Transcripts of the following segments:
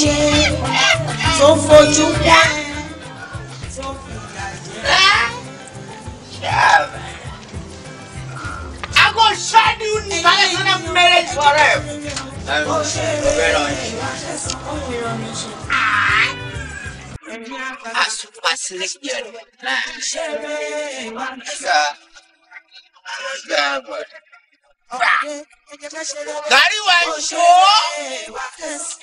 ṣe tó fojú dá tó fìyà jẹ. I go shine you in the marriage forever. Àsùnwó àsìlè jẹ gàrí wa ṣó.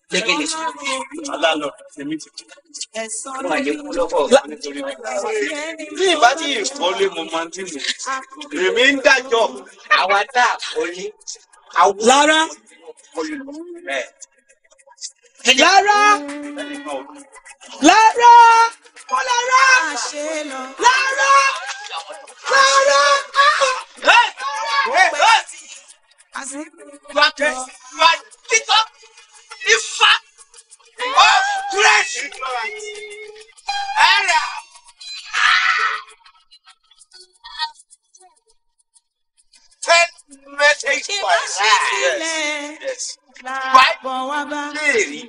jẹ́kẹ́ lè sùn ní kúlọ́pọ̀ nítorí mo máa ń dì mí èmi ń dájọ́ àwa dá àkọlé. lára lára lára lára lára lára. You are ifá ó kúrẹ́sì ẹ̀rà. Ten messages for her. Yes. Bàbá wa bá. Béèrè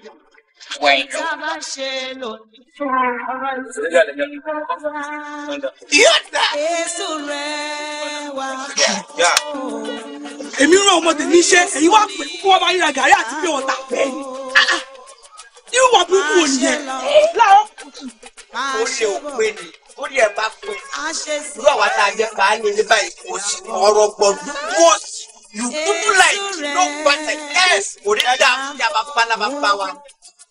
yóò dá. Èso rẹ̀ wá èmi ràn ọmọ tèmi iṣẹ́ èyí wá pè kó wọ́n ríra gàrí àti pé ọ̀tá bẹ́ẹ̀ ni yóò ah, ah. burúkú òní yẹn láàárọ̀ ó ṣe òpin ni ó rí ẹ bá pin irú àwa tá a jẹ baálé ní báyìí kò sí ọ̀rọ̀ gbọdún kò sí you people like no matter else kò ní dáa fún yàrá bá bá wa.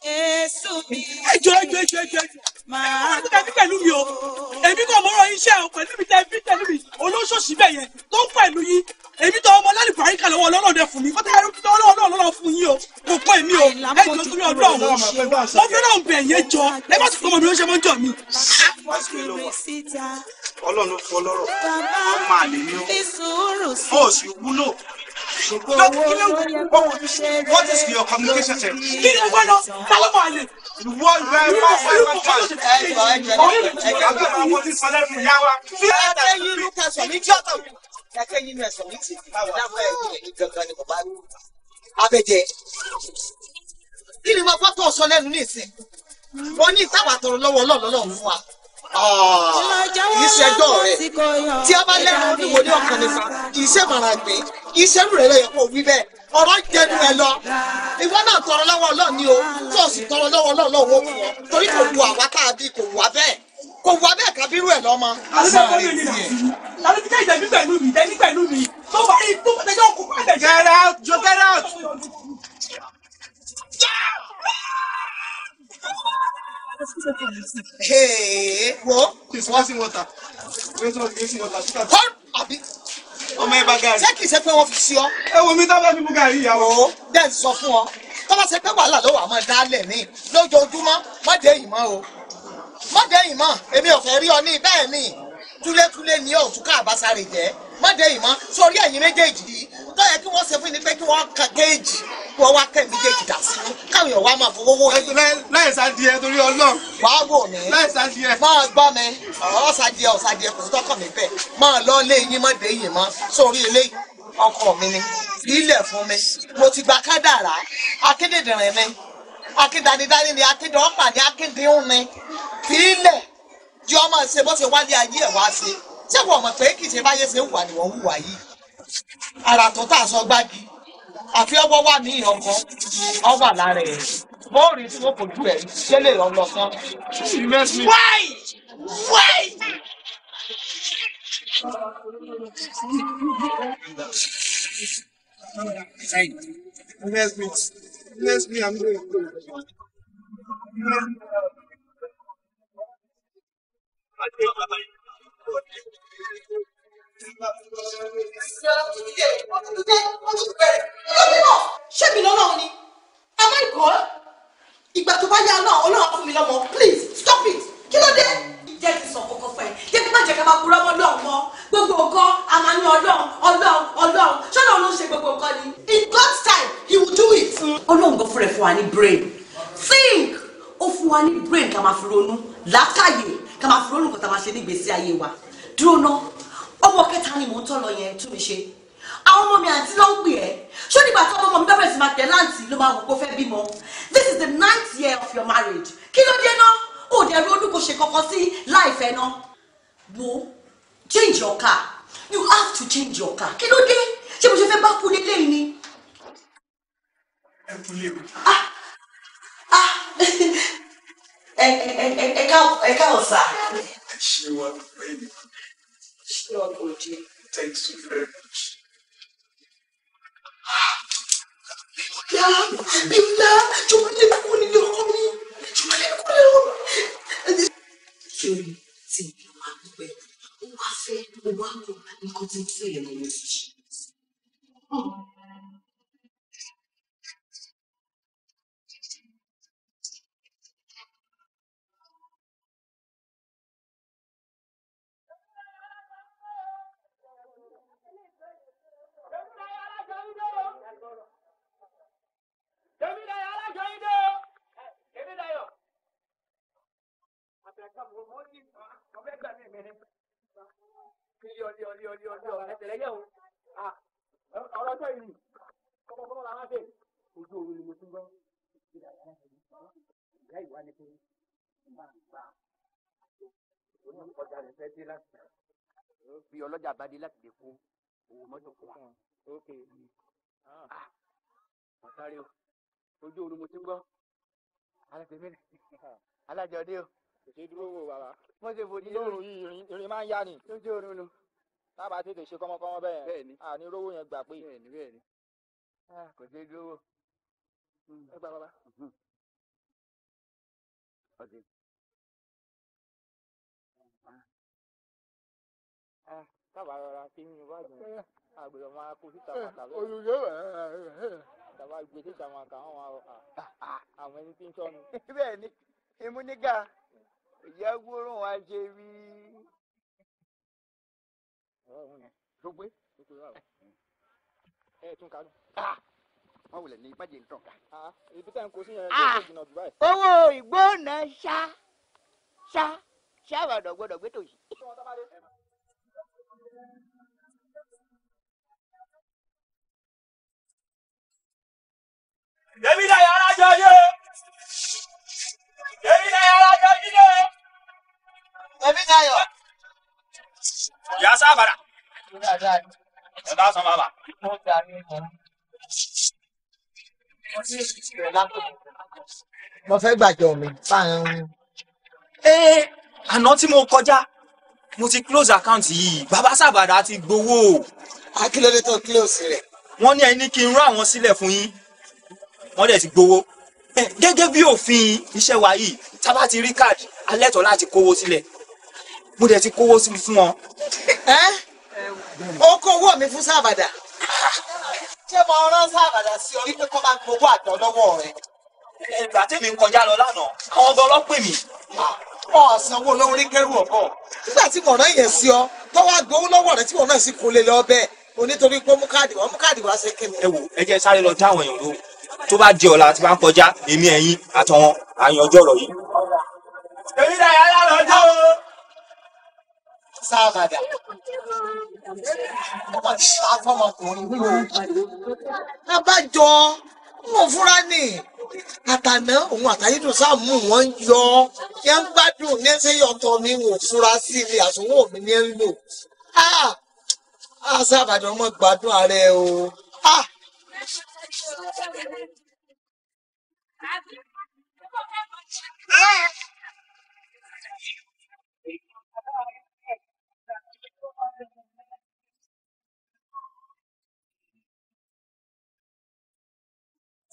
Èso mi. Ẹjọ́ ẹjọ́ ẹjọ́ ẹjọ́ ẹjọ́. Màá tó. Ẹ̀wọ̀n tó tẹ̀lé pẹ̀lú mi o. Èmi kò mọ̀rọ̀ iṣẹ́ o pẹ̀lú mi tẹ̀lé pẹ̀lú mi. Olóṣòṣì bẹ̀ yẹn tó ń pẹ̀lú yín. Èmi tọ́ ọmọ lálẹ́ bàárí kan lọ́wọ́ ọlọ́run dẹ fún mi. Fọ́tà ẹrú tọ́ ọlọ́run náà lọ́rọ̀ fún yín o. Kò pọ̀ èmi o. Ẹjọ́ torí ọdún ọ̀hún. Mo fẹ́ràn bẹ̀ yẹn jọ. Ẹ má sùn fún ọmọ mi ló ṣe mọ́ jọ mi. Ọlọ́run ló fọ lọ́rọ̀. Ọmọ àlè ni ó. Ó sì wúlò. What is your communication team? Kí ni wọ́n lọ? sọ lẹ́nu ní ìsìn? Wọ́n ní ìtàwà tọrọ lọ́wọ́ ọlọ́run fún wa kì í rẹ̀ tí a bá lẹ́nu ìwò ní ọ̀kan nìkan kì màràgbé kì í ṣe rẹ̀ kó wí bẹ́ẹ̀ ọ̀rọ̀ jẹnu ẹ lọ ìwọ náà tọrọ lọ́wọ́ Ọlọ́run ni o tí o sì tọrọ lọ́wọ́ Ọlọ́run lọ́wọ́ fún ọ torí kò wù àwa káàbí kò wù wá kò wá bẹ́ẹ̀ kábírú ẹ̀ lọ́mọ. àlùfíà ìdẹ̀bí Get out, get out wọ́ kìí fọwọ́ sí wọ́tà wọ́n tún kìí water. wọ́tà síta. àbí ọmọ ẹ bá gàrí. ṣé kìí ṣe pé wọ́n we meet ọ. ẹ wo mi tábà fi mú gàrí ìyàwó. bẹ́ẹ̀ sọ fún ọ tó bá ṣe pé wàhálà ló wà máa dálẹ̀ ní my. má dé ìmọ̀ o má dé ìmọ̀ èmi ò fẹ́ rí ọ ní bẹ́ẹ̀ ni túlétúlé ni ọ̀ tún ká àbáṣárè jẹ́ má dé ìmọ̀ sórí ẹ̀yìn méjèèjì yìí tó yẹ kí wọ́n ṣe fún ni pé kí wọ́n ka géèjì kí wọ́n wá kẹ́ méjèèjì dà sínú káwọn èèyàn wá máa fowó wó yìí. láì sádìẹ torí Ọlọ́run. wàá wò mí láì sádìẹ. máa gbọ́ mi ọ̀rọ̀ sádìẹ ọ̀sádìẹ kò tọkàn mi bẹ́ẹ̀ máa lọ lé yín má dé ìmọ̀ sórí eléyìí ọkọ mi ni ilẹ̀ fún mi mo ti gba kádàrá akédèdìrín ni akédanidání ni akéde ọ̀pá ni akéde ń ni ilẹ̀ jọ́ máa ṣe bó ṣe wálé ayé ẹ̀ wá ṣe ṣé wọ́n mọ̀ pé kì í ṣe báyé ṣe ń wà ni wọ́n wùwà yìí ara tó tà sọ gbági àfi ọwọ́ wà ní ọkọ ọwà lára ẹ̀ bọ́ọ̀rì tí wọ́n fojú ẹ̀ ṣé lè lọ lọ sán. wáì wáì. Bless me ṣé mi lọ́nà ni am I God ìgbà tó bá yá náà ọlọ́run fún mi lọ́mọ please stop it kí ló dé. jẹ́ kí n sọ kókó fún ẹ jẹ́ kí n má jẹ́ ká máa kúrọ́ mọ́ lọ́hùn mọ́ gbogbo nǹkan a máa ní ọlọ́run ọlọ́run ọlọ́run ṣọ́nà ló ń ṣe in God's time he will do it. ọlọ́run gan fúnra ẹ̀ fún wa ní brain think ó fún wa brain ká máa fi ronú làákàyè ká máa a máa ṣe nígbèésí ayé wa dúró náà ọwọ́ kẹta ni mò ń tọ́ lọ yẹn tún mi ṣe àwọn ọmọ mi àǹtí ló ń pè ẹ́ ṣó nígbà tí ọmọ mi bá bẹ̀rẹ̀ sí máa tẹ̀ láǹtì ló máa wò kó fẹ́ bímọ this is the ninth year of your marriage kí ló dé náà ó dẹ̀ rí olúkọ ṣe kankan sí láìfẹ́ náà wo change your car you have to change your car kí ló dé ṣé mo ṣe fẹ́ bá kú nílé yìí ni. ẹ kú o. ah ah ẹ ẹ ẹ ẹ ká ọ̀sà. ẹ ṣe wá pẹ́ẹ́lí. Lord Oji. Thank you very much. Bíọ́lá Bíọ́lá Jọmọdé kúrò nílé ọkọ mi. Jọmọdé kúrò nílé ọkọ mi. Sori tí mi wá pẹ́, ó wá fẹ́, ó wá kọ̀ nǹkan tí ń fẹ́ yẹn Oh. àgbàgbọ́ mọ́ ní ọbẹ̀ gbà mí mẹ́rin. Ilé ọdí ọdí ọdí ọdí ọ̀rẹ́ tẹ̀lé yẹ̀ o. Ọ̀rọ̀ ọjọ́ ìlú kọ́kọ́ kọ́kọ́ la máa fẹ́. Ojú oorun ni mo tún gbọ́. Ìyá ìwà ni pé máa gbà. Oní ọjà rẹ̀ fẹ́ dé láti rẹ̀. Bí ọlọ́jà bá dé láti lè kó owó mọ́tò kó wa. Ọ̀sán rẹ̀ o. Ojú oorun mo tún gbọ́. Alájọ dé o ṣe dúró wò bàbá. mo ṣe fò ní lóòrùn yìí irin máa ń yá ni. lójú oorun lo. tábà tètè ṣe kọ́mọkọ́mọ bẹ́ẹ̀ bẹ́ẹ̀ni àní rówó yẹn gbà pé. bẹ́ẹ̀ni bẹ́ẹ̀ni. kò ṣe dúró wò. ẹ gbà bàbá. ọ̀sẹ̀. tábà rọra kí ni wàá dùn àgbèrè ọmọ akó síta bàtà lọ. olùdó tàbá gbé síta wọn kà wọn àwọn ẹni tí ń sọnù. bẹ́ẹ̀ni imú nígà ya gbóró wa ṣe rí. gbogbo ẹ tún kánú. wọ́n wulẹ̀ ní ìbàjẹ́ nǹkan kan. ibi tá à ń kó sí yẹn ló jìnnà Dubai. owó ìgbóná ṣá ṣá ṣá àbàdàn gbọ́dọ̀ gbé tòṣì. Let me 拉过来。要打算办吧？mo fẹ́ gbàjọ mi báyọ̀. ẹ àná tí mo kọjá mo ti close account yìí bàbá sàbàdà ti gbowó. akílódé tó close rẹ̀. wọ́n ní ẹni kí n rán àwọn sílẹ̀ fún yín wọ́n dẹ̀ ti gbowó. gẹ́gẹ́ bí òfin iṣẹ́ wa yìí tá a bá ti rí káàdì alẹ́tọ̀ láti kówó sílẹ̀ mo dẹ̀ ti kówó fún wọn ó kó owó mi fún sábàdà ṣé mo rán sábàdà sí ọ wípé kó máa gbowó àjọ lọ́wọ́ rẹ. ìgbà tèmi ń kọjá lọ lánàá àwọn gan lọ́pẹ̀ mi. ọ̀ sanwó lórí kẹrù ọ̀bọ̀ nígbà tí mo rán yẹn sí ọ tọ́wọ́ àgbowó lọ́wọ́ rẹ tí mo rán sí kò lè lọ bẹ́ẹ̀ onítorí pé mú káàdì wá mú káàdì wá ṣe kémi. ẹ wò ẹ jẹ́ sáré lọ dáwọn èèyàn lóhùn tó bá di ọ̀la tí bá ń kọjá èmi ẹ̀yin àtọwọn àyànjọ́ ọ̀rọ̀ yìí. èmi náà yàrá lọ́jọ́ sáàbàdà ọmọ ìṣàfọmọkùnrin wúlò abájọ mo fúra ní àtàná òun àtàyédùn sáàmù wọn yọ yẹn ń gbádùn ní ṣe yọtọ mi wò fúra sí ilé àsùnwó mi ní ń lò sáàbàdà ọmọ gbádùn ààrẹ o. Ah!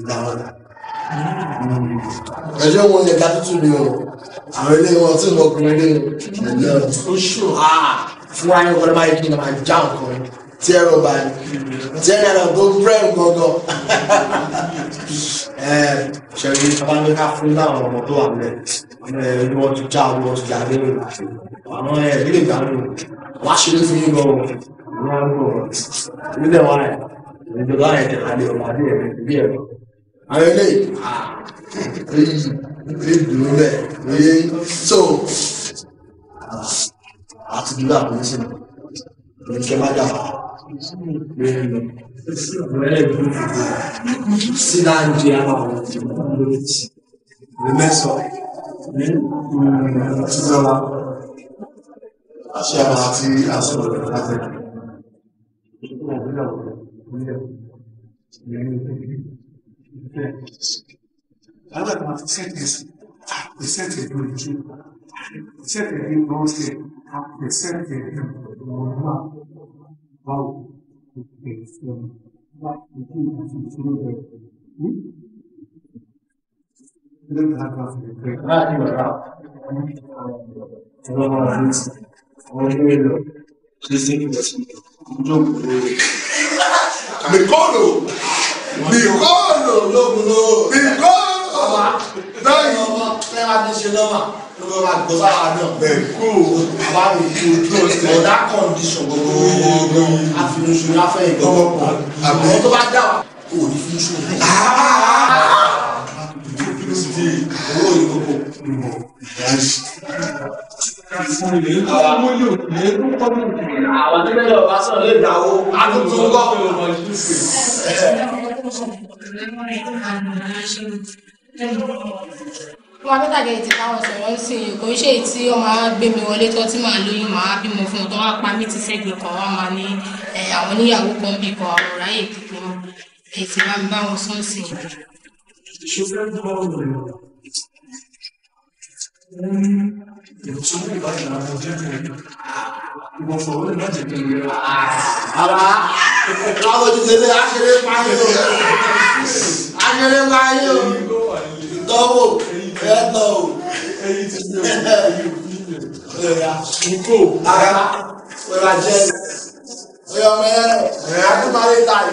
ìdáwọ́dà ẹjọ́ wọn lè ká tútù ni o àwọn ilé wọn tí wọn kún ilé ẹ̀jẹ̀ ó ṣù á fún wa ní ọ̀rẹ́ máa kí ni máa já nǹkan tí ẹ̀rọ bá ní tí ẹ̀rọ náà tó brẹ́m gangan ẹ ṣẹ̀rí abáńdéká fún láwọn ọmọ tó wà lẹ̀ ẹ̀ wọ́n ti já wọ́n ti já lé àwọn ẹ̀ ilé ìgbàlódé wàá ṣe é fún yín gan wọ́n ń bọ̀ ilé wa ẹ̀ ìjọba ẹ̀ tẹ̀lé ọmọdé ẹ̀ bí ẹ̀rọ àwọn ilé ìlú dùn bẹ́ẹ̀ lóye so àti dúró àpòlísì náà ló ń kẹ́ má dà sídà ń di àwọn àwọn ọmọdé lè mẹ́sọ ní ìṣúná àṣẹ àwọn àti àṣọ rẹ̀ láti. Thank you. Lábàá tó máa fi sẹ́ẹ̀tì sí, àpè sẹ́ẹ̀tì ẹ̀dùn ojú, sẹ́ẹ̀tì ẹ̀dùn tó ń ṣe, àpè sẹ́ẹ̀tì ẹ̀dùn òun náà. Báwo ló ti bẹ̀rẹ̀ sí bìkọ́ọ̀lù no ló bìkọ́ọ̀lù báyìí ọmọ fẹ́ máa ti ṣe lọ́mà ló bá máa gbọ́ sára náà bẹ́ẹ̀ kú àbá mi kú ojú ọ̀sẹ̀ ọ̀dà kọ̀ǹdíṣọ̀n gbogbo àfinúṣu ní afẹ́ ìgbọ́gbọ́ pọ̀ àwọn tó bá dá wa kò ní fún ṣù. Ah! owó ìgbọ́gbọ́. Àwọn tó bẹ̀rẹ̀ ọ̀bá sọ̀rọ̀ lè dáwó, a tó ọmọ Wọ́n tó tàgé ti táwọn sọ̀rọ̀ sí kò ṣe tí ó máa gbé mi wọlé tó tí màá lóyún màá bímọ fún un tó wá pa mí ti sẹ́gbẹ̀ẹ́ kan wá máa ní àwọn oníyàwó kan bì kan àwọn ráyè kíkún ètì máa ń bá wọn sọ́ọ̀sì. Ṣé o rẹ̀? ìwòsàn ìbáyìí náà mo jẹ́ kí n ìwọ sọ̀rọ̀ ní láti kí n rẹ̀ wá. Àbá láwọn ti ṣe ṣe àṣẹlẹ̀ páyé o. Àṣẹlẹ̀ páyé o. Ìtọ́wò ẹ̀tọ́ o. Ẹyin ti ṣe ẹyin òfin rẹ̀. Ìkó. Ara ọ̀rọ̀ àjẹ́. Ọ̀yọ̀ mẹ́rẹ̀ rẹ̀ á tún máa lé tàyè.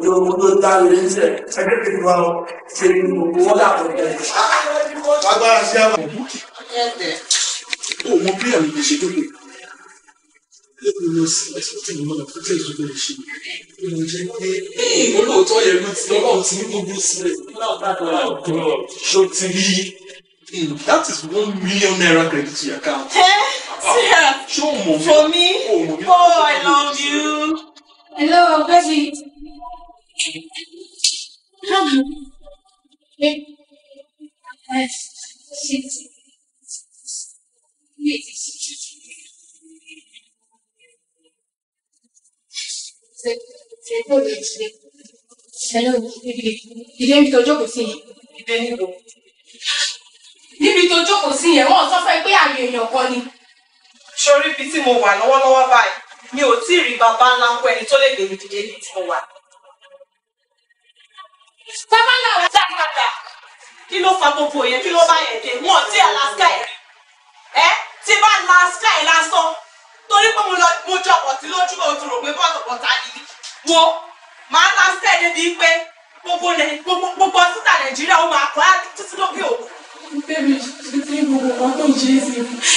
ní owó tó dá lórí iṣẹ́ ẹgbẹ́ kejì wa ọ ṣe ní gbogbo wọn dà tó jẹ. agbára sí o mọ bí àwọn ìṣe tó lè lórí ló sì ẹsùn tí mo lọ fún tẹ̀sí tó ṣe ní mo jẹ pé olóòótọ́ yẹn ló ti lọ́wọ́ tí ní gbogbo sílẹ̀ ṣó ti rí hmm, that is one million naira credit to your account. ṣé o mọ̀ mi? for me? oh I love you. hello Bẹ́sì. Come. Ìdè níbi tó jókòó sí yẹn. Ìdè níbo? Níbi tó jókòó sí yẹn, wọ́n sọ fẹ́ pé àyè èèyàn kan ni. Sori ibi tí mo wà lọ́wọ́lọ́wọ́ báyìí, mi ò tí ì rí bàbá ńlá ń kọ ẹni tó lè gbèmí dìde níbi tí mo wà bàbá náà wọ́n dáadáa kí ló fa gbogbo yẹn kí ló bá yẹn dé wọn ti alaska yẹn ẹ ti bá alaska yẹn lásán torí pé mo jọ ọ̀tí lójú kan tó rò pé bọ́ọ̀lù ọ̀tá yìí wo màá alaska yẹn débi pé gbogbo gbogbo títà nàìjíríà ó máa kọ́ á títí lókè òkun bẹ́ẹ̀ni ti mú ọmọ tó ń ṣe é sí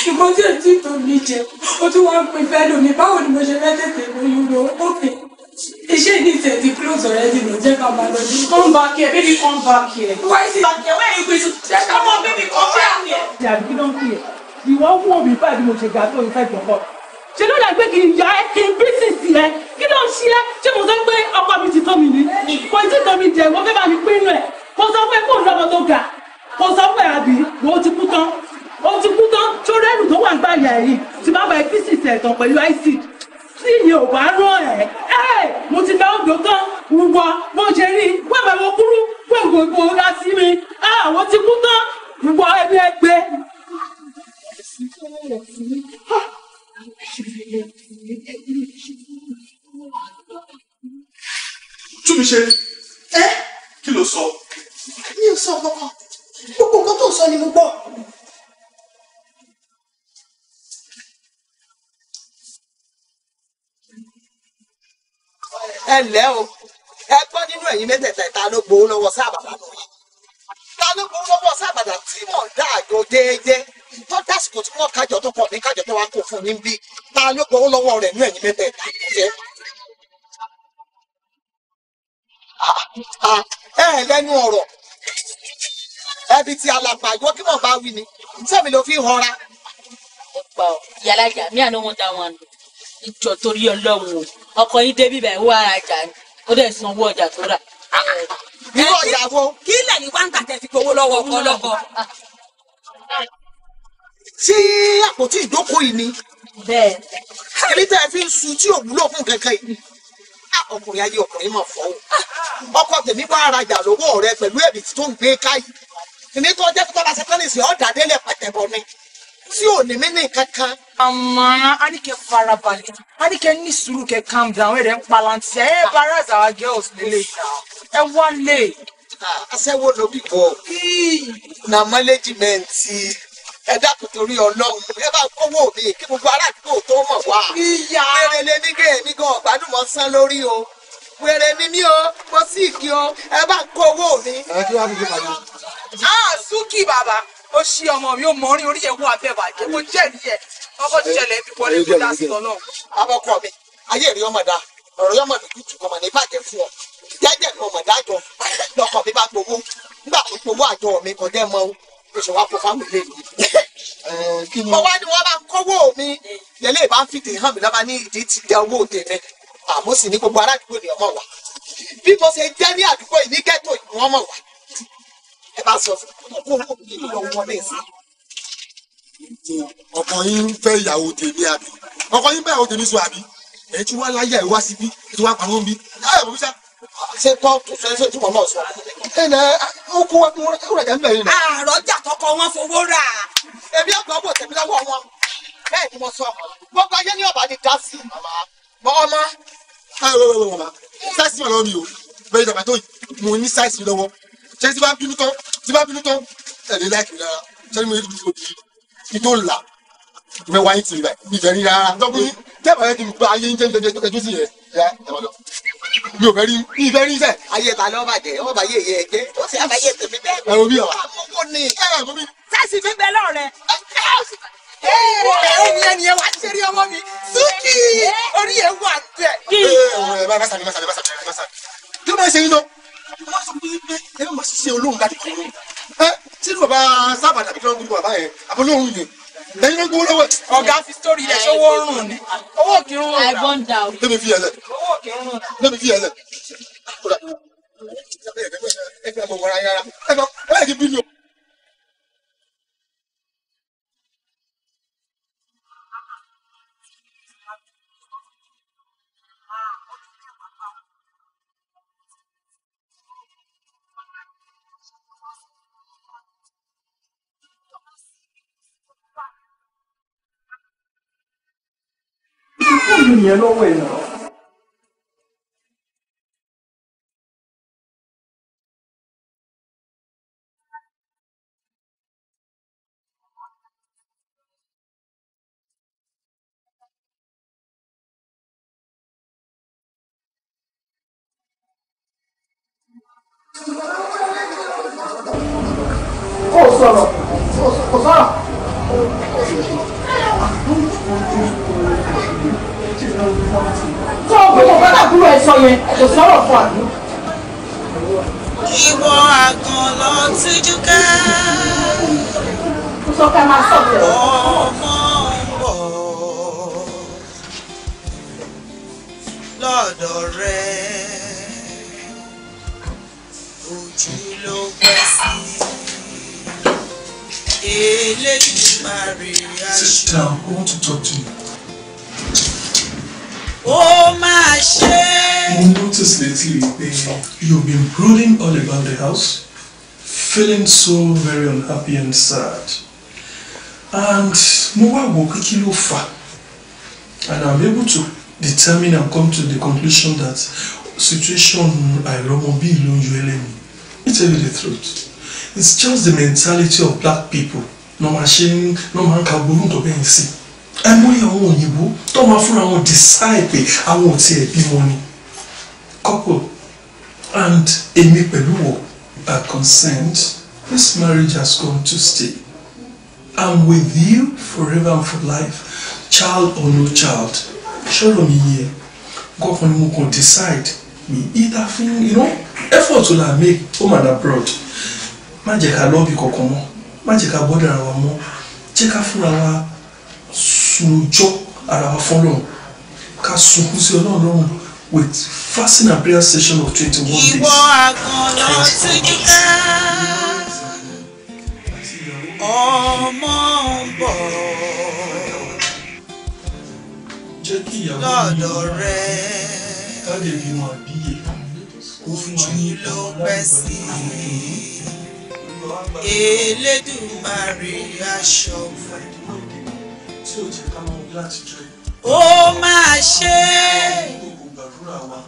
i nǹkan tí èyí tó mi jẹ o tún wá ń pin fẹ́ lómi báwo ni mo ṣe fẹ́ tètè lóyún lọ ókè. Iṣẹ́ ní ìfẹ́ the close already lọ, jẹ́ ká máa lọ Come back here, baby come back here. Why is it back here? Where are you going to? Jẹ́ ká mọ baby come back here. Jàbí ló ń pè é. Ìwọ ń wò mí báyìí mo ṣe ga tó ìfẹ́ ìjọ̀kọ́. Ṣé ló dàgbé kí n ya ẹ́ kí n bí sì sí ẹ? Kí ló ń ṣe ẹ́? Ṣé mo sọ pé ọkọ mi ti tó mi ní? Kò tí tó mi jẹ, wọ́n fẹ́ bá mi pinnu ẹ̀. Kò sọ pé kò lọ́mọ tó ga. Kò sọ pé àbí wo ti kú tán. O ti kú tán. Ṣé o rẹ́rù tó wà ń gbà yà ẹ̀yìn? Ti má bàa fi sì sẹ̀ tán pẹ̀lú tí ìyẹn ò bá rán ẹ̀ ẹ́ mo ti gba odò tán wùwà bó ṣe rí wàbà wo kúrú gbogbogbò la sí mi àwọn ti kú tán wùwà ẹni ẹgbẹ́. túmi ẹ kí ló sọ. mi ò sọ kankan gbogbo nǹkan tó sọ ni mo gbọ́. ẹ ǹlẹ́ o ẹ gbọ́ nínú ẹ̀yin mẹ́tẹ̀ẹ̀ta ìta ló gbowó lọ́wọ́ sábàdà lọ yìí ló gbowó lọ́wọ́ sábàdà tí mò ń dá àjọ déédéé tó dásìkò tí wọ́n kájọ tó pọ̀ ní kájọ tó wá kó fún ní bí ta ló gbowó lọ́wọ́ rẹ̀ nínú ẹ̀yin mẹ́tẹ̀ẹ̀ta yìí ẹ ah, ah, ẹ lẹ́nu ọ̀rọ̀ ẹbí tí alàgbà ìwọ kí wọn bá wí ni sẹmi ló fi hanra. ìyálàjà mi àná wọn dá wọn lò ìjọ torí Ọlọ́run ọkọ yín débi bẹ́ẹ̀ wá ajá ni ó dẹ̀ san owó ọjà tó rà. irú ọjà wo. kí ilẹ̀ ní wáńkà tẹ fi gbowó lọ́wọ́ ọkọ lọ́kọ. ṣé àpótí ìjókòó yìí ni. bẹ́ẹ̀. ẹni tẹ́ ẹ fi ń sun tí òwúlò fún kankan yìí ah, ọkùnrin ayé ọkùnrin mọ̀ fọ́ ọkọ tèmi bá arajà lọ́wọ́ rẹ pẹ̀lú ẹ̀bì tó ń gbé káyì èmi tó jẹ́ pípa tí ò ní mí ní kankan. àmọ́ a ní kẹ́ farabalẹ̀ a ní sùúrù kẹ́ calm down ẹ̀rẹ̀ ń palantir ẹ̀ bára àzàwà girls lélẹ̀ ẹ wálé. aṣẹ́wó ló bí bọ̀ na mánéjìmẹ̀ǹtì ẹ dákun torí ọlọ́run ẹ bá kówó mi kí gbogbo aládùúgbò tó mọ̀ wá. ìyá wẹ́rẹ́ lé ní gẹ̀ẹ́ mi gan ọ̀gbádùnmọ̀ sán lórí o wẹ́rẹ́ ni mí o mo sì kí o ẹ bá kówó mi. ẹ kí wàá fi kí pàdé. àásù kí bàbá ó ṣí ọmọ mi ó mọ orí orí ẹwọ abẹbàjẹ mo jẹ nìyẹn ọkọ ṣẹlẹ̀ ibi wọlé kó dá sí lọnà. abọkọ mi ayé rí ọmọ dá ọ̀rọ̀ yọmọ mi kú tùkọ mọ ní bàjẹ́ fún ọ jẹjẹ kan mọ dájọ lọkọ mi bá gbowó nígbà tó gbowó àjọ mi kọjá mọ o kò sì wá kó fáwọn ilé mi. Eh, mo wá ní wọn bá ń kówó mi lẹlẹ ìbá ń fìdí hàn mí lọ́ba ní ìdí ti jẹ owó tèmi àmọ́ sì ní gbogbo ará ni ọmọ wa bí mo ṣe jẹ́ ní àdúgbò yìí gẹ́tò ìlú ọmọ wa ẹ bá sọ fún kó wọ́n mi lọ wọlé sí. ọkọ yín ń fẹ́ ìyàwó tèmi àbí ọkọ yín ń ìyàwó tèmi sùn àbí ẹ ti wá láyà ẹ wá síbí ẹ ti wá pàrọ̀ bí ṣé tọ́ ṣe ṣe túmọ̀ náà sọ. ẹ nà ó kó wá fún ẹwúrẹ́ jẹ́ mbẹ́rin náà. àròjà tọkọ wọn fowó rà èmi ọgbà ọgbà tèmi lọ́wọ́ wọn bẹ́ẹ̀ ni mo sọ gbogbo ayé ní ọ̀bà ni dá sí ọmọ. ẹ wọ́n wọ́n wọ́n mama sáìsì mi lọ́wọ́ mi o bẹ́ẹ̀ ìdàgbà tó mo ní sáìsì mi lọ́wọ́ ṣé tí bá bínú tán tí bá bínú tán ẹni láìpẹ rárá ṣé mo yẹtu dúró di kí tó là ìfẹ́ wáyé tì rẹ̀ ìfẹ́ rí rárá dọ́kùnrin tẹ́ẹ̀bà yẹn kì í gba ayé yín jẹ́jẹ́jẹ́ ẹjú sí yẹn ẹ ẹ bọ́ lọ mi ò fẹ́ rí ìfẹ́ rí sẹ́. ayé ta ló bàjẹ́ ó bá yé yẹ jẹ́ ó sì àbá yé tèmi bẹ́ẹ̀ ni. ẹ̀rọ bí wa àkókò ni. ẹ̀rọ bí. sẹ́ẹ̀sì mi bẹ lọ́rẹ̀. ẹ̀rọ mi ẹni ẹ wá ṣe rí ọmọ mi súkì orí ẹ wà bẹ́ẹ̀. kí ni. ẹ bá sàmì bá sàmì bá sàmì bá sàmì. kí ló máa ṣe yín náà wọ́n sọ pé pé ẹ̀rọ máa ṣiṣẹ́ olóhùn láti kọ́ ẹ sínú bàbá sábà tàbí tí wọ́n gbúdọ̀ bàbá yẹn àbọ̀lóhùn yẹn lẹ́yìn ló lọ́wọ́. ọ̀gá fi sórí ilẹ̀ sọ́wọ́ rùn ni owó kìrún rùn. àìbọ̀n dà o. lẹ́mi fi ẹlẹ. owó kìrún rùn. lẹ́mi fi ẹlẹ. kódà ẹ fẹ́ mọ̀ wọ́n ara yára ẹ fẹ́ mọ̀ wọ́n yẹ kí bínú. 你也落位了。yẹn kò sọ̀rọ̀ fún àdú. ìwọ àgàn lọ tújú ká. ó sọ pé máa sọ bẹ̀rẹ̀. ọmọ ń bọ̀ lọ́dọ̀ rẹ ojú ló pẹ́ sí eléyìí máa rí aṣọ. Sit down, I want to talk to you ó máa ṣe. You notice lately pé you been brooding all about the house feeling so very unhappy and sad and mo wá wò pé kí ló fà and i'm able to determine and come to the conclusion that situation àìrọ́mọ bí ìlú ń yọ ẹlẹ́mi let me tell you the truth it's just the mentality of black people na ma ṣe na ma n ka gbórúkọ bẹ́ẹ̀ sí ẹ mọyì àwọn òyìnbó tó máa fúnra wọn decide pé àwọn ò tiẹ̀ bímọ ni couple and èmi pẹ̀lú wọ are concerned this marriage has come to stay i'm with you forever and for life child or no child ṣọ́rọ̀ mi yẹ gọ́kan ni mo kàn decide mi either fin you know effort la make home and abroad má jẹ́ ká lọ́ọ̀bì kankan mọ́ má jẹ́ ká bọ́dà ara wa mọ́ jẹ́ ká fúnra wa sunujọ́ ara wa fọlọ́run ká sunkún sí ọlọ́run lọ́rùn with fasting and prayer session of twenty one days. ìwọ àgàn ló ká ọmọ ń bọ̀ lọ́dọ̀ rẹ̀ ojú ló pẹ́ sí i elédùmarè aṣọ fún mi tí ò jẹ́ ká máa wí látijọ́ yìí. ó máa ṣe é. gbogbo gbàdúrà wa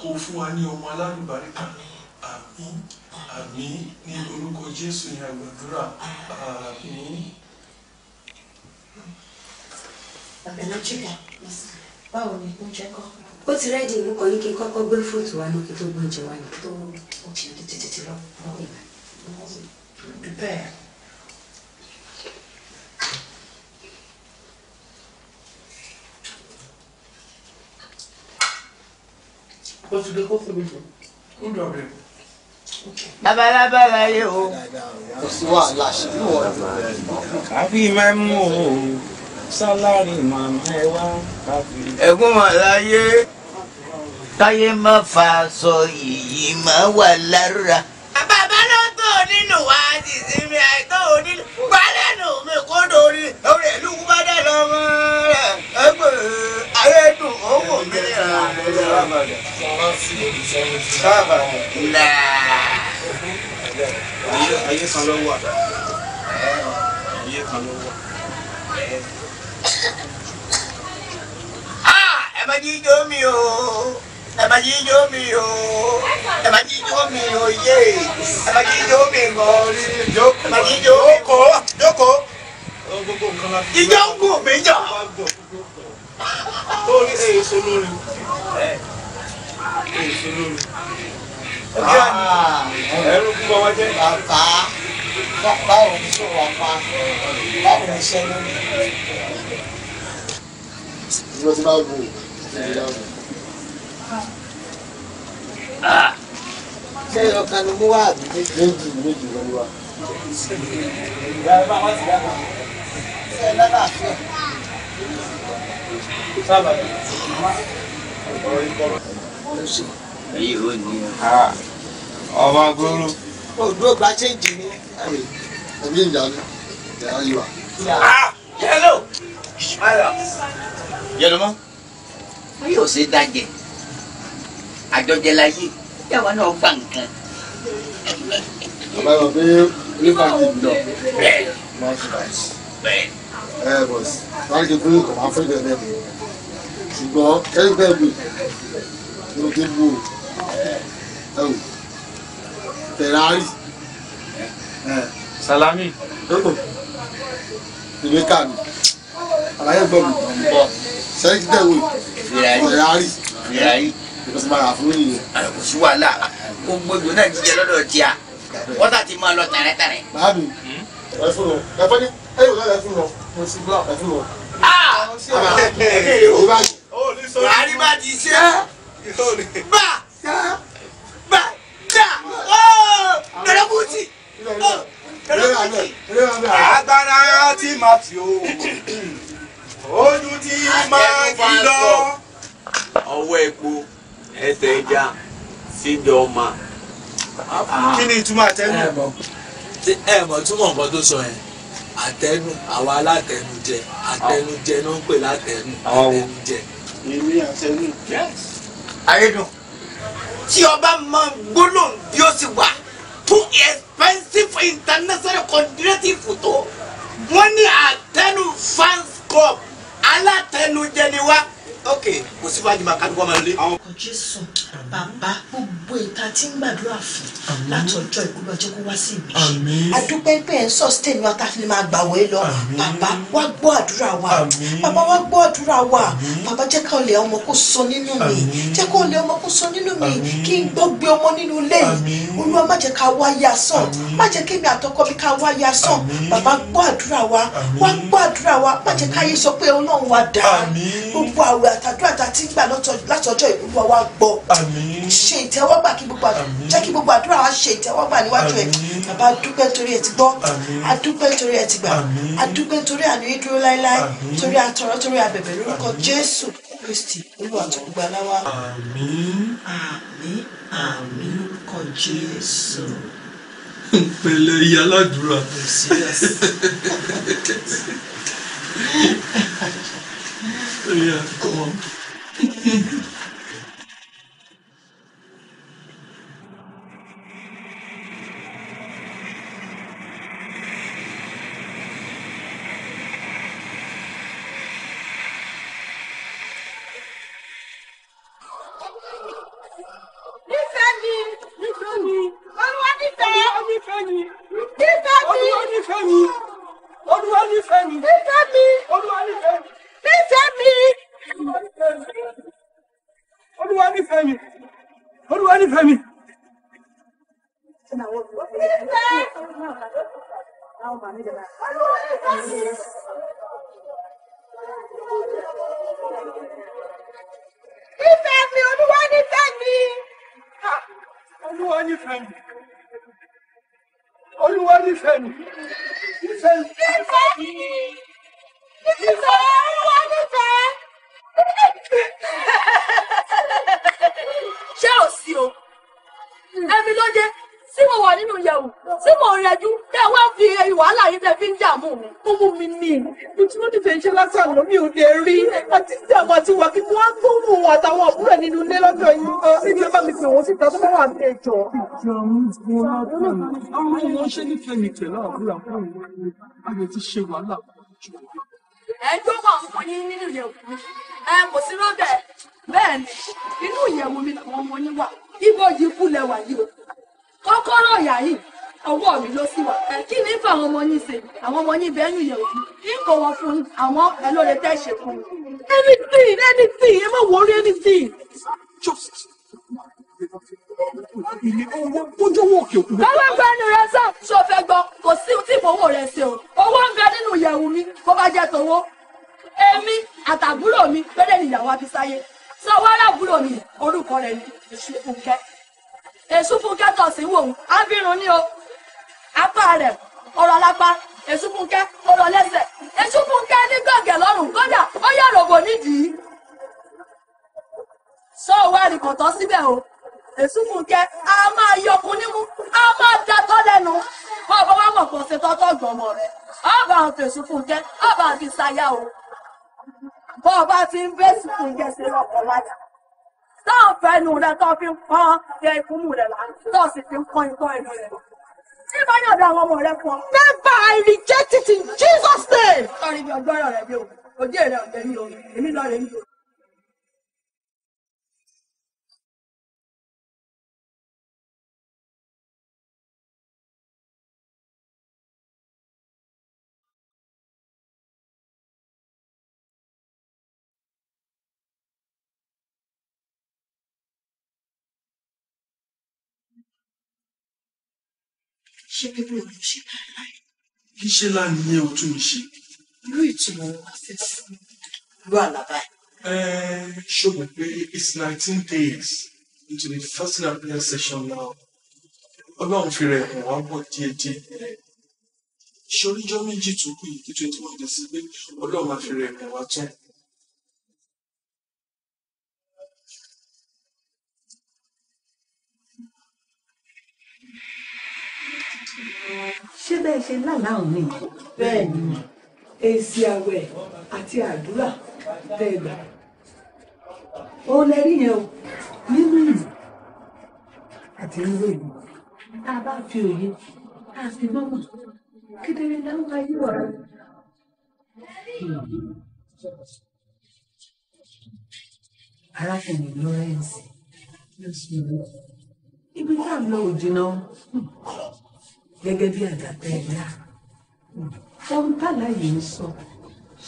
kó fún wa ní ọmọ alálùbáríkà àmín àmín ní orúkọ Jésù ní àgbàdúrà àmín. àbẹ̀lẹ̀ chika báwo ni oúnjẹ kọ́. ó ti rẹ́ẹ̀dì ìlú kan ní kí n kọ́kọ́ gbé fóòtù wa ní kí tó gbọ́njẹ wa ní tó ó ti tètè lọ. bẹ́ẹ̀. Labalábá láyé o. Kò sí wàhálà ṣe bí wọ́n rẹ̀. Káfí máa ń mú òun sálárì màmá ẹ wá Ẹ̀gún mà láyé. Táyé má fa aṣọ yìí má wà lára onínú wa ti sinmi àìtọ́ onínú gbálẹ́nu mi kó dorí orí ìlú gbádà lọ́mọ rẹ̀ ẹgbẹ́ ayédùn owó mi rà. ayé kan ló wà ayé kan ló wà. Ah, ẹ má jíjó mi o ẹ má jíjó mi o ẹ má jíjó mi o yé ẹ má jíjó mi mọ rírì ẹ má jíjó mi kó jókòó ìjọ ń gùn mí jọ. lórí èso lórí èso lórí ah, ẹrú kú bọ́ wá jẹ́. bàbá báwo ni sọ wà pa báwo ni sẹ́nu. ìjọba ti máa wù ú ṣé ọkàn ni mo wà àbí méjì méjì lórí wa. ṣé èyí ò ní ọmọ gbóró. odò gba ṣéǹjì ni. ẹbí ìjà ni ìjà yìí wà. yẹlò yẹlò mọ. ayé ò ṣe dájẹ àjọjẹ láyé yàwá náà gbà nǹkan. àbáyọ pé onífàkì ìbílọ máa ń ṣàkóso ẹ bọ̀ sí láti pé kò máa fẹ́ bẹ́ẹ̀ bẹ́ẹ̀ ṣùgbọ́n kẹ́yìn bẹ́ẹ̀ bì ní ti bù ú ẹ salami ìwé kàánù àlàyé gbọ́dọ̀ sẹ́yìn tẹ̀wé Ferrari because fún nìyẹn. kò sí wàhálà gbogbo náà jíjẹ lọ́dọ̀ tí wọ́tà ti máa lọ tẹ̀rẹ̀tẹ̀rẹ̀. báàbí ẹ fún un ẹ ẹ yóò lọ́ọ́ ẹ fún un ti gbọ́ fi o ojú tí màá fi lọ ọwọ́ epo ẹsẹ̀ ẹja síbi ọmọ. kí ni ìtumọ̀ àtẹnu. ẹ mọ̀ túmọ̀ nǹkan tó sọ yẹn àtẹnu àwa alátẹnujẹ àtẹnujẹ ló ń pè látẹnu àtẹnujẹ. èmi àtẹnu. àyẹ̀dùn tí ọba máa gbólóhùn bí ó sì wà too expensive for international continental photo wọ́n ní àtẹnu fans club alátẹnujẹ ni wá ok kò sí wájú máa kádùkọ́ máa lé. ọkọ jésù bàbá gbogbo ìta tí ń gbàdúrà fún látọjọ́ ìkúlọ ọjọ́ kó wá sí ibi. àdúpẹ́ pé ẹ̀ ń sustain wa tá a fi lè máa gbàwé lọ bàbá wá gbọ́ àdúrà wa bàbá wá gbọ́ àdúrà wa bàbá jẹ́ ká olè ọmọ kó sọ nínú mi jẹ́ ká olè ọmọ kó sọ nínú mi kí n gbọ́ gbé ọmọ nínú ilé yìí olúwa má jẹ́ ká wá ya sàn má jẹ́ kémi àtọkọ mi ká wá ya sàn bàbá gbọ́ àdúrà wa wá gbọ́ àdúrà wa má jẹ́ ká yé sọ pé ọlọ́run wa dáa gbogbo àwẹ̀ àtàdúrà tá a ti ń gbà látọjọ́ ìbúlú wa gbọ́ ṣe ìtẹ́wọ́gbà kí gbogbo àdúrà jẹ́ kí gbogbo àdúrà wa ṣe ìtẹ́wọ́gbà níwájú ẹ̀ bàbá adúpẹ́ torí ẹ ti gbọ́ adúpẹ́ torí ẹ ti gbà adúpẹ́ torí àná ìdúró láéláé torí atọ̀rọ̀ torí abẹ̀bẹ̀ lórúkọ Jésù Kristi olúwa tó gbogbo aláwa. àmín àmín àmín lórúkọ Jésù pẹ̀lẹ́ iye aládùúrà. 的眼眶。mi ò dé rí àti tí àwọn àti wà kí wọ́n tó mú àtàwọn àbúrò nínú ilé lọ́jọ́ yìí síbi ẹ mi pè wọ́n síta tó wà ní ẹjọ́. ọmọ ṣe ní fẹmi tẹ́lẹ̀ àbúrò àbúrò àgbẹ ti ṣe wàhálà. ẹ jó wà fún yín nínú ìyẹ̀wò ẹ kò sí lọ́bẹ̀ bẹ́ẹ̀ ni inú ìyẹ̀wò mi làwọn ọmọ yín wà ibo yìí kú lẹ́wà yìí o kọ́kọ́rọ́ yìí ọwọ́ mi ló sì wà. kí ni fún àwọn ọmọ yín ṣe àwọn ọmọ yín bẹ́ẹ̀ nìyẹn òfin kí n kò wọ́n fún àwọn ẹlọ́rẹ̀ tẹ́ ṣe fún mi. anything anything ẹ má wọrí anything. just ojú owó òkè òkú. ọwọ́ gba ẹnu rẹ sọ ṣó fẹ́ gbọ́ kò sí tí ìfowó rẹ ṣe o owó ń bẹ nínú ìyẹ̀wù mi bó bá jẹ́ tòwó èmi àtàbúrò mi péré nìyàwó abisáyé sọ wàrà àbúrò mi orúkọ rẹ ni èṣù fúnkẹ́ èṣù fúnkẹ́ tọ̀sí wò ó ábírun ni o apá rẹ̀ ọ̀rọ̀ lápá èsúfúnkẹ́ ọ̀rọ̀ lẹ́sẹ̀ èsúfúnkẹ́ ní gbọ̀ngẹ̀ lọ́rùn kódà ó yà rògbò nídìí. sọ wá ní kò tọ́ síbẹ̀ o èsúfúnkẹ́ a máa yọkun nímú a máa datọ́ lẹ́nu wọ́n bá wà mọ̀ pọ̀ ṣe tọ́tọ́ gbọ̀mọ̀ rẹ̀ ọba àwọn fèsúfúnkẹ́ ọba àfi ṣayá o bọ́ ọba ti ń fèsúfúnkẹ́ ṣe lọ́kọ̀ láyà táwọn fẹ́nu rẹ̀ tó fi ń pọ́n ẹ ikú mu rẹ̀ láti tó sì fi ń pọ́n ikọ́ ẹnu rẹ̀ lọ tí bá yàgbé àwọn ọmọ rẹ pọ̀. never I reject it in Jesus name. sọ̀rọ̀ ibi ọgbọ́n rẹ̀ bí o òjì èrè ọ̀gbẹ́ mi o èmi lọ rẹ̀ mi o. ṣé bí mi ò lè ṣe láìláì. kí ṣe láàyè yẹn o tún mi ṣe. irú ìtumọ̀ wọn máa fẹ́ fún irú àlàbà ẹ ṣùgbọ́n pé it's nineteen days into the first Nigerian session now ọlọ́run fi rẹ̀ hàn wá bọ̀ díẹ̀díẹ̀ ṣoríjọ́ méjì tó kù yìí kí twenty one dé sí pé ọlọ́run máa fi rẹ̀ hàn wá tán. ṣé bẹ́ẹ̀ ṣe lálàá òní. bẹ́ẹ̀ ni èsì àwẹ̀ àti àdúrà tẹ́ ẹ gbà. ó lè rí yẹn o nínú ìlú àti nínú ìlú tá a bá fi òye tá a fi gbọ́mọ̀ kedere láwọn ayé ọ̀rọ̀. arákùnrin Lawrence ibi tá a lọ ò jìnnà gẹ́gẹ́ bí àdàtà ẹ̀dá ohun tààlà yìí ń sọ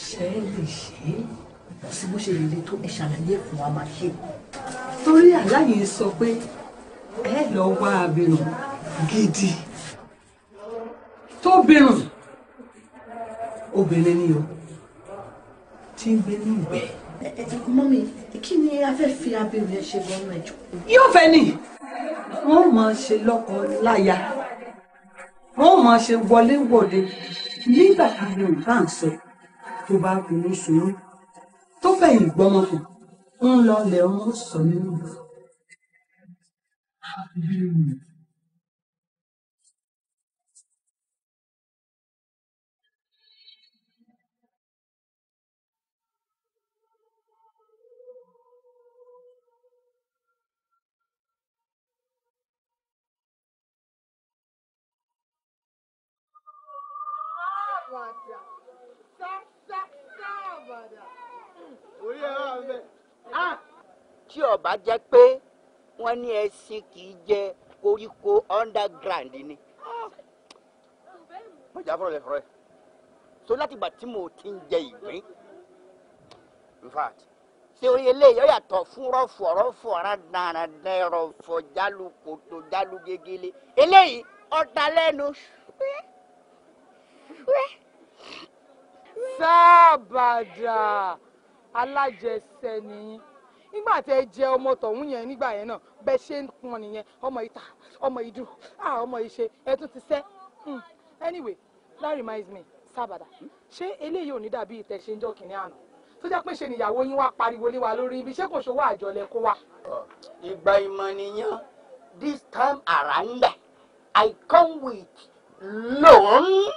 ṣe é lè ṣe é sí bó ṣe lè tó ẹ ṣàlàyé fún wa máa ṣe torí àlá yìí sọ pé ẹ lọ wá abirùn gidi tó birùn obìnrin ni o tí ń gbé ní ìgbẹ́. mọ́mí kí ni a fẹ́ fi abirùn yẹn ṣe bọ́ọ̀nù ẹ̀jọ̀. yóò fẹ́ ni wọ́n máa ṣe lọ́kọ láya wọ́n mọ̀ ṣe wọléwọ̀de nígbà táwọn nǹkan à ń sọ tó bá pinnu sùúrù tó fẹ̀yìn gbọ́mọkàn ń lọ lẹ̀ sọ nínú. Ah! tí ó bá pé wọn ní ẹṣin kì í jẹ koríko underground ni. mo jà fọlọ lẹ fọlọ ẹ so láti gbà tí mo ti ń jẹ ìgbín in fact ṣe orí eléyìí yàtọ̀ fún rọ́ọ̀fù ọ̀rọ̀fù ara jálù kòtò jálù alájẹsẹ nìyí nígbà tẹ jẹ ọmọ tọ̀hún yẹn nígbà yẹn náà bẹ ṣe ń pọn nìyẹn ọmọ ìta ọmọ ìdù ah ọmọ ìṣe ẹ tún ti sẹ hmm. anyway that reminds me sábàdà ṣé eléyìí ò ní dàbí ìtẹ̀ṣe ń jọ kìnìún àná tó jẹ́ pé ṣe nìyàwó yín wá pariwo lé wa lórí ibi ṣé kò ṣòwò àjọlẹ̀ kó wa. ìgbà ìmọ̀ nìyẹn this time around i come with long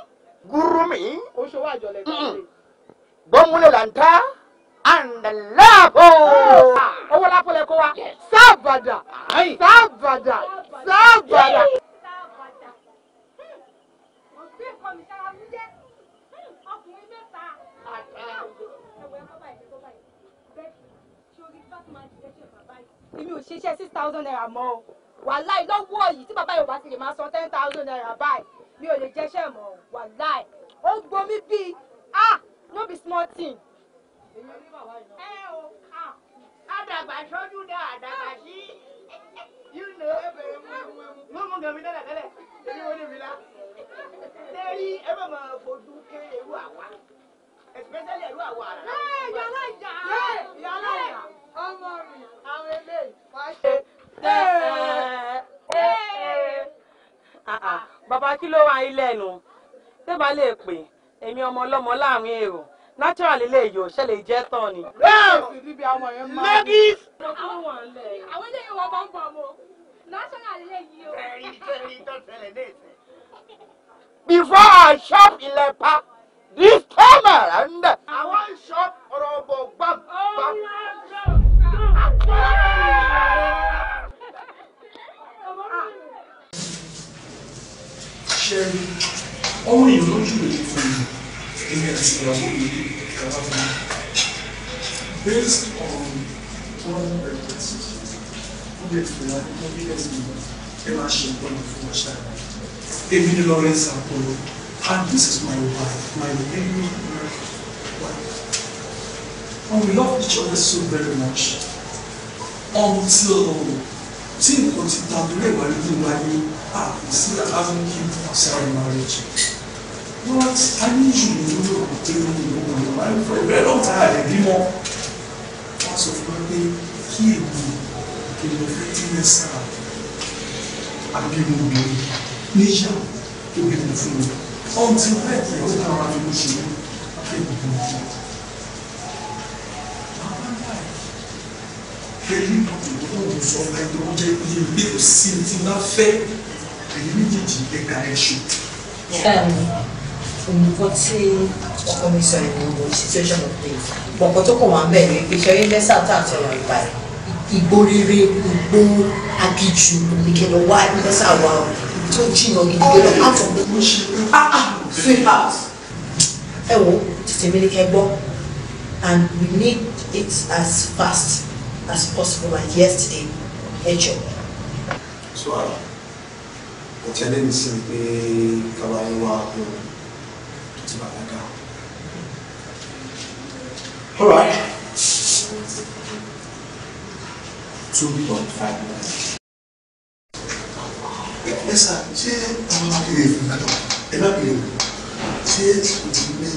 gurumi. oṣù wa àjọlẹ̀ kan lè. gbọ́múlẹ̀ là ń ta and love, oh, owó lápò lè kó wa sábàdà sábàdà sábàdà. èmi ò ṣiṣẹ́ six thousand naira mọ́ o wàláì lọ́wọ́ yìí tí bàbá yorùbá ti lè máa san ten thousand naira báyìí mi ò lè jẹ́ṣẹ́ mọ́ o wàláì ó gbomi bíi ah no be small thing ẹ o àdàgbà sójú dá àdàgbà sí. ẹ bẹ̀rẹ̀ mú mú gàmí tẹ́lẹ̀ tẹ́lẹ̀ èmi wọ́n lè fi la. lẹ́rí ẹ bẹ̀ máa fojú ké irú àwa especially irú àwa àrà. ẹ yàrá ìjà yàrá ìjà ọmọ mi àwọn eléyìí wá ṣe ah, ah. bàbá kí ló wá ilé ẹnu tẹ́ bá lè pè èmi ọmọ ọlọ́mọ láàrin èrò Naturally, lè lè yò ṣẹlẹ̀ jẹ́ tán ni. ladies. àwọn ilé yìí wọ́n bá ń bọ̀ mọ́ natural lè o. before i shop in ilẹ̀pa this time around. i wan shop rọ̀bọ̀ gbàgbà. ṣe ọmọ yìí lójú rẹ̀ fún mi in a discussion based on foreign references ó lè fi ra evidence number ẹ máa ṣe ìpinnu fún Lawrence Apollo and this is my wife my baby wife and we love each other so very much until um, tí nǹkan ti tàbí lè wà nínú wáyé still àbúkí ọ̀sẹ̀ àrùn marriage. What unusual in the world of doing the world of married for a very long time ẹbí mọ́. Wọ́n sọ fún wa pé kí èmi èmi fẹ́ tí ń sá abímọ obìnrin níyà obìnrin fún mi. Ohun tí wọ́n ẹ̀kẹ́ ó dá wa nínú ṣe ní akéwì tó ń fi. Àwọn àgbà pẹ̀lú ìpàdé tó ń sọ ẹ̀dọ́ jẹ́ iye bí kò sí ti máa fẹ́ ẹ̀yìn méjèèjì ẹ̀ka ẹ̀ṣọ́ nǹkan tí ọkọ mi sọ ìlú ìwò situation of things bọ̀kọ̀ tó kàn wá bẹ́ẹ̀ ni pé ṣẹ́rí mẹ́sà tá àti ọ̀rọ̀ ìgbà yìí igbó rere igbó agijù ìkẹlẹ̀ wá mẹ́sà wà ó tó jìnnà gidigidi lọ out of the bush ah ah sweet house ẹ wo tètè mi ni kẹ gbọ́ and we need it as fast as possible like yesterday ẹ jọ. sọ àlà kò tẹ́lẹ̀ mi sí pé kábàáyé wà All right. Two point five million. Ẹ sá, ṣé àwọn akéde ìfún náà ẹ má bèrè o? Ṣé òtún ní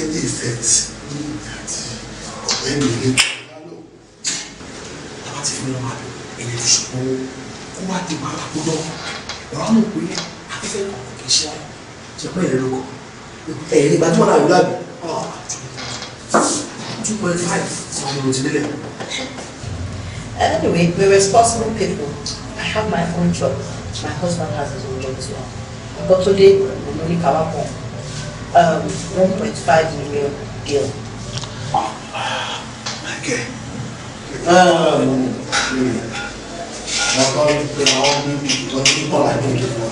any effect ní àti ọ̀pẹ mi lé? Bàbá ti fún ọmọ àdó, ẹ̀yẹ ti ṣùgbọ́n kó wá di wàhálà kó lọ. Bàbá mọ̀ pé afẹ́fẹ́ kọ̀ọ̀kan kì í ṣe àwọn. Ṣé pé ẹ̀rẹ́ kọ̀? Ẹ̀rẹ́ ìgbà tí náà yọ lábẹ́ two point five ọmọ anyway we're responsible people I have my own job my husband has his own job as well but today we only need power pump um one point five million deal. Okay. Um, ọkọ pé àwọn bíbí tó ní bọ́lá ní ìjọba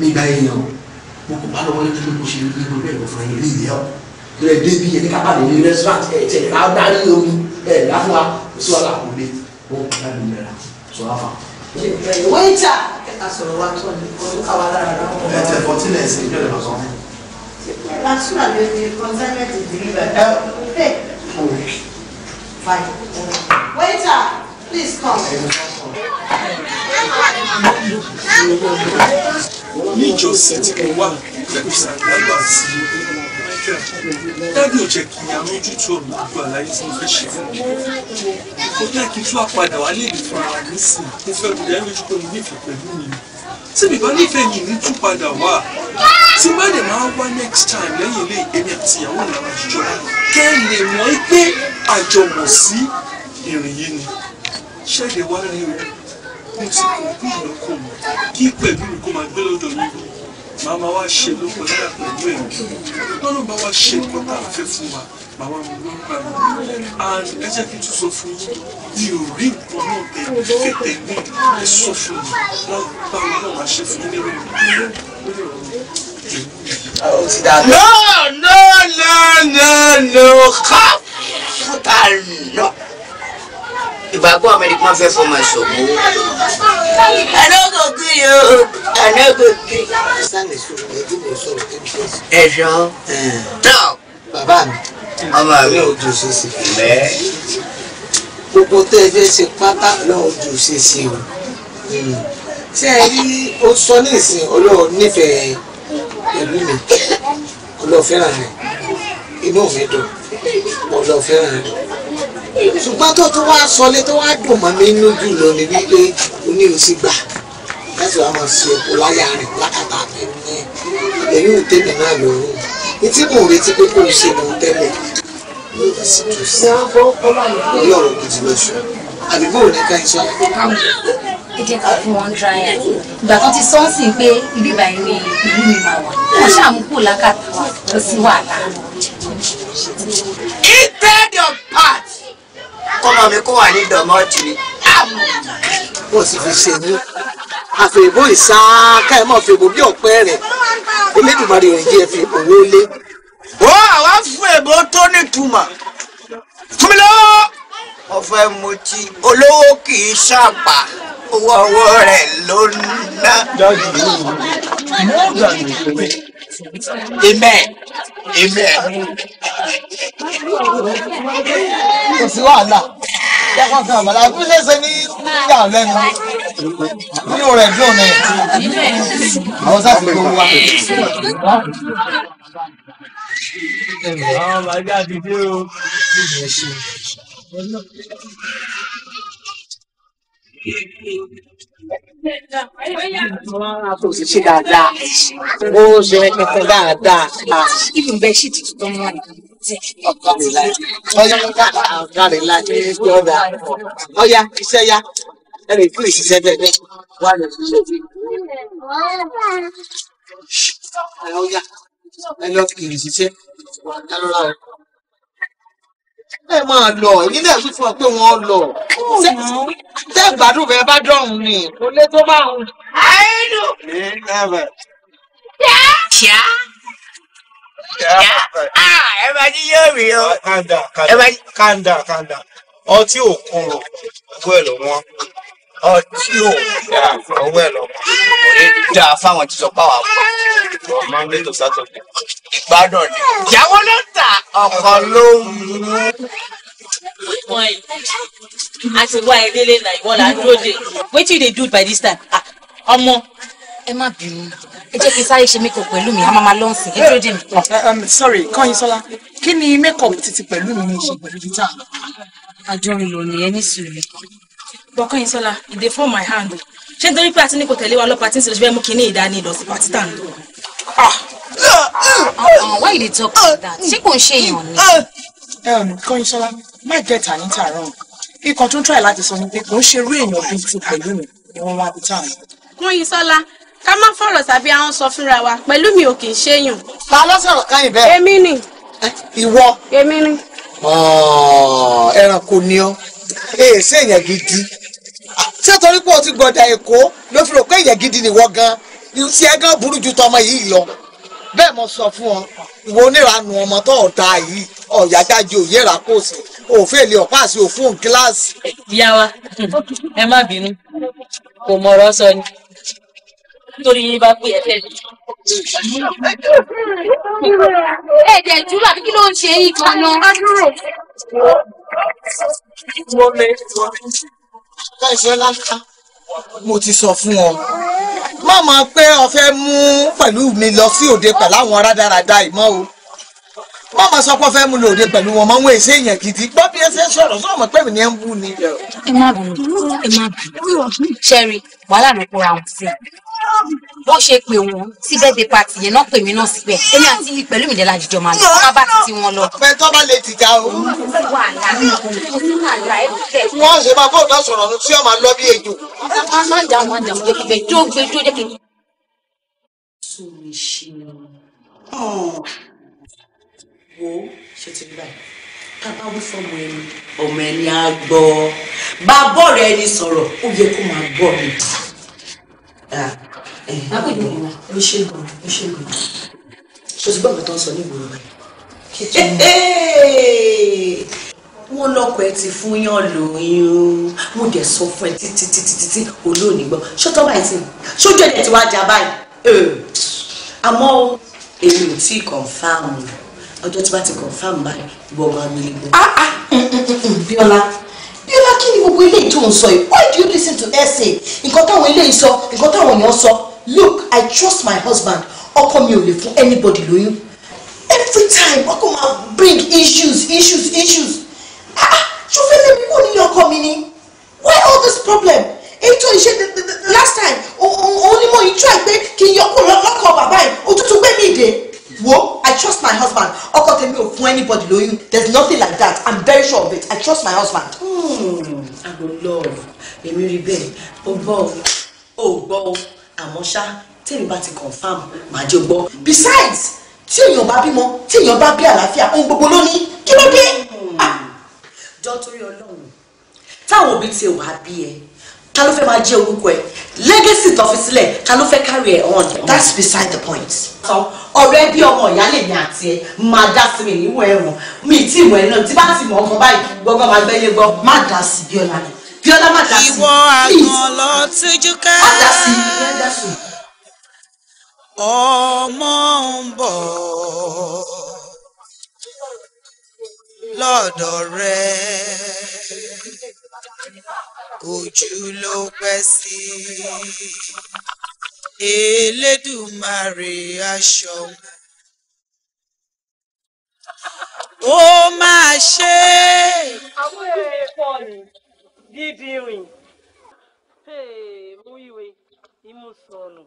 nígbà yìí náà mo kò bá lọ́wọ́ lójú pé mo ṣe ní gbogbo ẹ̀rọ fún ẹ̀yìn rẹ̀ débi ẹ̀ nípa pàdé ní restaurant ẹ̀ tẹ̀ ẹ̀ láàdárí omi ẹ̀ láfún wa kò sí wàhálà kò le ó ń bá mi mẹ́ra sọ wá fà. wíjà kẹta sọ̀rọ̀ wa tó ní olúkà wa lára rẹ̀ wọ́n. fourteen ẹ̀ sìn ìjọba sọ. waiter please come. níjọ sẹ́tìkì wà lẹ́kùsà dábì ò jẹ́ kí n yàrá ojútùú ọ̀rọ̀ gbogbo àlàyé tí mo fẹ́ ṣe fún mi mo fẹ́ kí n tún àpadà wá lè fún ara mi sìn fẹ́ kí dáyé lójú pé nífẹ̀ẹ́ pẹ̀lú mi tí mi nífẹ̀ẹ́ yìí ní tún padà wá tí má lè máa wá next time lẹ́yìn ilé èmi àti ìyàwó ìlànà àjọ kẹ́ ẹ lè mọ̀ ẹ́ pé àjọmọ̀ sí ìrìn yìí ni ṣẹ́ẹ̀dẹ̀ wá rí o mo ti kò bí ìlú kò kí pẹ̀lú mi máa gbé lọ́dọ̀ mi lọ màmá wa ṣe ló kọjá pẹ̀lú èyí lọ́rùn bá wa ṣe nǹkan tá a fẹ́ fún wa màmá mi ló ń gbà mí and ẹ jẹ́ kí n tún sọ fún yín mi ò rí nǹkan náà tẹ fẹ́tẹ̀ ní ẹ sọ fún mi lágbá mi náà wá ṣe fún yín lẹ́rọ No, no, no, no, no, ká fúta nọ. Ìgbàgbọ́ Amẹ́ríkà fẹ́ fọmọ ìṣòwò. I no go you. I no go you. Sáré sọ̀rọ̀ ẹbí mi sọ̀rọ̀ ẹbí mi sọ̀rọ̀. Ẹ̀ṣọ́. Náà. Bàbá mi. Ọmọ mi ò jù ṣe sí. Bẹ́ẹ̀. Gbogbo tẹ́ ẹ fẹ́ ṣe pátá náà jù ṣe sí o. Ṣé ẹ rí o sọ ní ìsìn Ọlọ́run nífẹ̀ẹ́ ẹbí mi? Ọlọ́run fẹ́ràn rẹ̀. Inú mi dùn. Ọlọ́run fẹ́ràn rẹ̀ ṣùgbọ́n tó tún wá sọlé tó wá dùn mọ́ mi nínú jù lọ ni wípé oní òsì gbà láti wá máa ṣe epo láyà rẹ̀ lákàtà àbẹ̀rù yẹn èyí ò tèmi náà lòrùn etí mò ń retí pé kò ṣe mò ń tẹ́lẹ̀ ní ìsìtò sí orí ọ̀rọ̀ gidi lọ́sùn àdúgbò ní ká iṣẹ́. ẹ jẹ́ ká fún wọn dra ẹ̀ ìgbà tó ti sọ́ọ̀sì pé ibi báyìí ìlú mi máa wà wọ́n ṣàmúkù lákàtà lọ sí wàhálà. Keep dead your part kọ́mọ mi kó wà ní dọ̀mọ́tì mi mo sì fi ṣe mú àfẹ̀bó ìsáká ẹ̀ mọ̀ fèbò bí ọ̀pẹ rẹ̀ Elédùmarè rẹ̀ jẹ́ fi owó lé. ó àwa fún èbó tó nítumọ̀ fún mi lọ́wọ́ ọ̀fẹ́ mutí olówó kì í ṣàpà owó ọwọ́ rẹ̀ ló ń ná amen amen. kò sí wàhálà yàtọ̀ kan àbàlà bí ṣe ní yà lẹ́nu nínú rẹ̀ dùn ní àwọn sáfì kò wá. àwọn màgá ti dé o. Thank you kò sì ṣe dáadáa ó ṣe rẹpẹtẹ dáadáa ìlú bẹ ṣì ti tuntun mọ ọ̀gá ọ̀gá rẹ la ní ìgbẹ ọ̀gá ọ̀yá iṣẹ́ yá ẹ lè fún ìṣiṣẹ́ bẹ́ẹ̀ wà lọ ṣiṣẹ́ ọ̀yá ẹ lọ kì í ṣiṣẹ́ wà á lọ ra ẹ máa lọ èyí náà tún fún ọ pé wọ́n lọ tẹ oh, gbádùn bẹ́ẹ̀ bá dọrùn ni kò lè tó bá wù. àìlù. kíá kíá ẹ máa jí yóò rí o. kanda kanda kanda ọtí òkúrò gbọ́ ẹ̀ lọ́wọ́ ọtí ò dá ọwọ́ ẹ̀ lọ́mọ kò ní dá fáwọn tí sọ páwà mọ́ monday to saturday ìgbádùn ni ìyàwó ló ta ọkọ ló ń mú. wọ́n yìí àti wá ìdílé náà ìwọ́n là ń dúró dé wetin you dey do by this time ah, ọmọ ẹ má bínú ẹ jẹ́ kí sáré ṣe makeup pẹ̀lú mi a máa ma lọ́ọ̀sì ẹ dúró dé mi. Oh, eh, um, sorry Kọ́yinsọ́lá kí ni makeup títí pẹ̀lú mi ní ṣe pẹ̀lú títà. àjọyọ̀ ni ẹ ní bọ́kọ́ yín sọ́la ìdè fún my hand ṣé nítorí pé àti ní kò tẹ̀lé wa lọ pàtí níṣẹ́ mú kí ní ìdání lọ sí pàtí tàn. Ah! Uh, why you dey talk like that ṣé kò ń ṣe èèyàn ni. Ah! Eh, bọ́kọ́ yín sọ́la má jẹ́ tàní tààrọ̀ ikọ̀ tó ń tọ́ ẹ̀ láti sọ ni pé kò ń ṣe irú èèyàn bíi ti pẹ̀lú mi ni wọ́n wá bí tàn. kún yín sọ́la ká má fọ̀rọ̀ tàbí àwọn sọ fúnra wa pẹ̀lú mi ò kì í ṣèyàn. ta ló sọ̀rọ̀ káyìn bẹ́ẹ̀. èmi ni. Eh, ìwọ. èmi ni. Oh, ẹranko ni ọ èèṣẹ́ yẹn gidi ṣé torí pé o ti gbọ̀dà èkó ló fi rò pé ìyẹn gidi nìwọ gan ti ẹ gan burú ju tọmọ yìí lọ bẹ́ẹ̀ mo sọ fún ọ ìwọ oníranù ọmọ tó ọ̀tá yìí ọ̀yàdájú òye ràkóòsì òfin èlé ọ̀pá àti òfin kíláàsì. ìyá wa ẹ má bínú kò mọ̀rọ̀ sọ ni nítorí yín bá pé ẹ fẹ́ mi. ẹ̀jẹ̀ ìtura kí ló ń ṣe yín gan láìsẹ́ lálá mo ti sọ fún ọ má máa pé o fẹ́ mú pẹ̀lú mi lọ sí òde pẹ̀lú àwọn rádaràda ìmọ̀ o má máa sọ pé o fẹ́ mú lọ pẹ̀lú wọn mọ́ wọn èsè èèyàn gidi gbọ́ bí ẹsẹ̀ sọ̀rọ̀ sọ ọmọ pẹ̀lú ni ẹ ń bú ni. ẹ má bínú ẹ má bínú ṣẹ́rí wàhálà ló kóra wọn sí i wọ́n ṣe pè wọ́n sí birthday party yẹn náà pè mí náà síbẹ̀ èmi àti ní pẹ̀lú mi dẹ́la àjùjọ máa lọ wọ́n bá ti ti wọn lọ. ọ̀pẹ tó bá lè tìjà o. wọ́n ṣe máa bóòdù sọ̀rọ̀ sí ọmọ lọ bí ejò. má dà má dà mo jẹ́ kí gbẹjọ́ gbẹjọ́ jẹ́ kí. wo ṣe ti rí báyìí ká bá wí fọmọ ẹni ọmọ ẹni á gbọ́ bá bọ́ọ̀rù ẹni sọ̀rọ̀ ó yẹ kó máa gbọ́ mi agbègbè mi náà ẹ ṣe gbọ́n ẹ ṣe gbọ́n ṣe ti gbọ́n mi tó ń sọ ní ìgboro rẹ̀ wọ́n lọ́kọ ẹ ti fún yàn lóyún mo dẹ̀ sọ fún ẹ títí títí títí olóòní gbọ́ ṣọ́tọ́ báyìí ti ṣojú ẹ̀dẹ̀ ti wá jà báyìí àmọ́ èmi ò tí kọ̀ǹfàmù ọjọ́ tí wọ́n ti kọ̀ǹfàmù báyìí ìwọ ọmọ mi gbọ́. Ah, ah, mm, mm, mm, Bíọ́lá Bíọ́lá kí ni gbogbo eléyìí tó ń sọ yìí why do you listen to essay nǹkan táwọn eléyìí sọ nǹkan táwọn èèyàn sọ look i trust my husband ọkọ mi ò lè fún anybody lóyún every time ọkọ ma bring issues issues issues ah ṣùgbọ́n lè mú nílé ọkọ mi ni why all this problem èyí tó ṣe last time òun ni mo yìí try pé kí n yọkùn lọ́kọ̀ bàbá yìí òtútù gbé mi dé wo i trust my husband ọkọ tèmi ò fún anybody lóyún there is nothing like that i'm very sure of it i trust my husband. Hmm, i go love èmi rí bẹ́ẹ̀ o gbọ́ o gbọ́ àmọ́ ṣá tèmi bá ti confam màá jẹ́ gbọ́. besides tí èèyàn bá bímọ tí èèyàn bá bí àlàáfíà ohun gbogbo ló ní kí ló dé. Hmm. Ah. jọ torí ọlọ́run táwọn òbí ti wàá bí ẹ ta ló fẹ́ máa jẹ́ orúkọ ẹ legacy tó fi sílẹ̀ ta ló fẹ́ carry ẹ on. that's beside the point. ọ̀rọ̀ ẹbí ọmọ ìyáálé mi àti ẹ máa dá sí mi níwọ̀n ẹ̀wọ̀n mi ì tí ì mọ̀ ẹ náà tí bá ti mọ̀ ọkàn báyìí gbọ́ngàn máa gbẹ́lé má dá sí bí ọ̀la bíọ́lá má dá sí ìwọ àgàn lọ tójú ká má dá sí ìyá sí. ọmọ ń bọ̀ lọ́dọ̀ rẹ ojú ló pẹ́ sí Elédùmarè aṣọ ó máa ṣe é. Gideon. Hey, Muiwe, Imusono,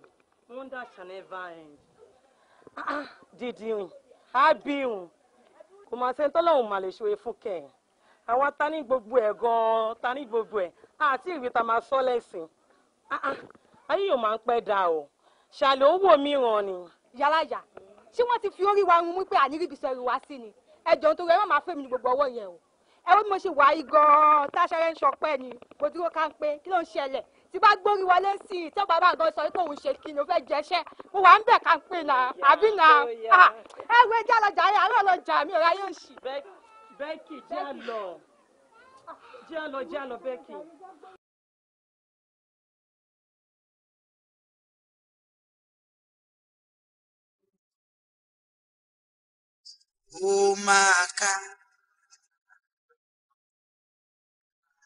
wonder can never end. Ah, ah Gideon, Abiun, kò máa sẹ́ni tọ́lọ́hún mà lè ṣòwe fún kẹ̀. Àwa ta ní gbogbo ẹ̀ gan-an, ta ní gbogbo ẹ̀, àti ìwé ta máa sọ lẹ́sìn. Ah, ah, ayé yóò máa ń pẹ́ da o, ṣàlẹ̀ owó mi ràn ni. Yàrá yà, ṣé wọ́n ti fi orí wa run mú pé àníríbi sọ ìrù wá sí ni? Ẹ̀jọ̀ nítorí ẹ má máa fẹ́ mi ní gbogbo ọwọ́ yẹn o ẹ wọ́n bí mo ṣe wà yìí gan-an táṣẹ́rẹ́ ń ṣọpẹ́ ni mo dúró káńpé kí ló ń ṣẹlẹ̀ tí bá gbórí wọlé sí i tí ọba bá gan sọ pé òun ṣe kí ni ó fẹ́ jẹṣẹ́ mo wà ń bẹ̀ káńpé nà àbí nà ah, ẹ wọ ẹjẹ́ lọ jàre àárọ̀ lọ jà mí ọ̀rá yóò ṣì. bẹ́ẹ̀kì jẹ́ lọ jẹ́ lọ jẹ́ lọ bẹ́ẹ̀kì. ó máa ká.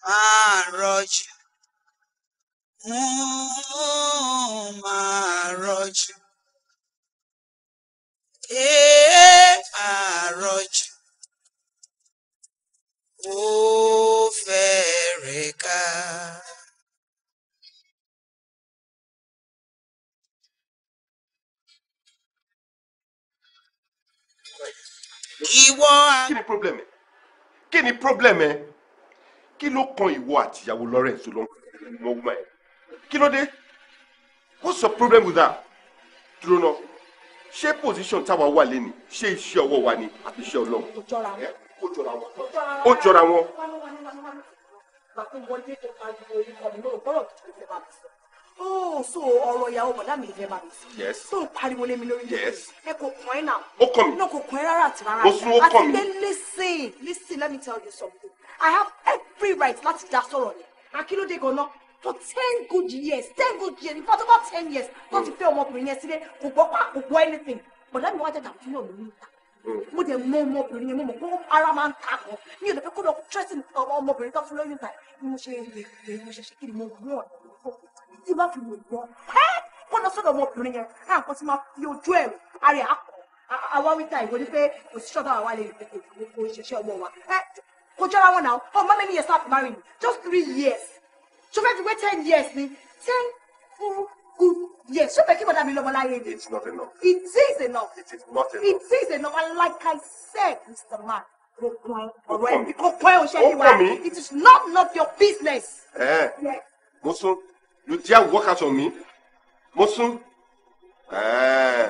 máa rọ̀jò mo máa rọ̀jò ee máa rọ̀jò ó fẹ́rẹ̀ ká. ìwọ. kí ni problem ẹ kí ni problem ẹ kí ló kan ìwọ àtìyàwó Lawrence lọ mọ ọgbà ẹ kí ló dé what's your problem with that dúró náà ṣé position táwa wà lẹ́nu ṣé iṣẹ́ ọwọ́ wa ni àti iṣẹ́ ọlọ́run ó jọra wọn ó jọra wọn oh so ọ̀rọ̀ ìyàwó bọ̀dá mi ìfẹ́ bá mi sí. yes. So ń pariwo lé mi lórí yes. ẹ kò kàn ẹ́ náà. ó kàn mí. náà kò kàn ẹ́ rárá àti rárá. ó sún ó kàn mí. àti pé listen listen let me tell you something i have every right láti dá sọ̀rọ̀ ni akílódé gan-an for ten good years ten good years in fact about ten years tó ti fẹ́ ọmọkùnrin yẹn sílé kò gbọ́ pa kò gbọ́ anything bọ̀dá mi wá jẹ́ dàbí náà lórí ìta mo dẹ̀ mọ ọmọbìnrin yẹn mo mọ̀ kó ara máa ń ta kan mi ò lè fẹ́ kó lọ tẹ́sí ọmọbìnrin tó fún lóyún ta mo ṣe ṣe kí ni mo mú ọ̀nà tí bá fi wò gbọ́ kó lọ sọ́dọ̀ ọmọbìnrin yẹn káàkó tí máa fi ojú ẹ̀rù àrẹ àkọ́ àwa wíta ìwé ni pé kò sí ṣọ́ọ̀bù lè rí kò ṣẹ̀ṣẹ̀ ọmọ wa ẹ́ jọra wọn náà oh mama many years after marrying just three years ṣó fẹ́ fi wé ten years ni ten full good years ṣó fẹ́ kí bọ́dá mi lọ́mọ láyé ni. it's not enough. it is enough. it is not enough. it is enough and like I said Mr. Man kò pọ́n ọ̀ṣẹ́ ni wa it is not not your business. Eh, mo You dare walk out on me? Mosun? Eh.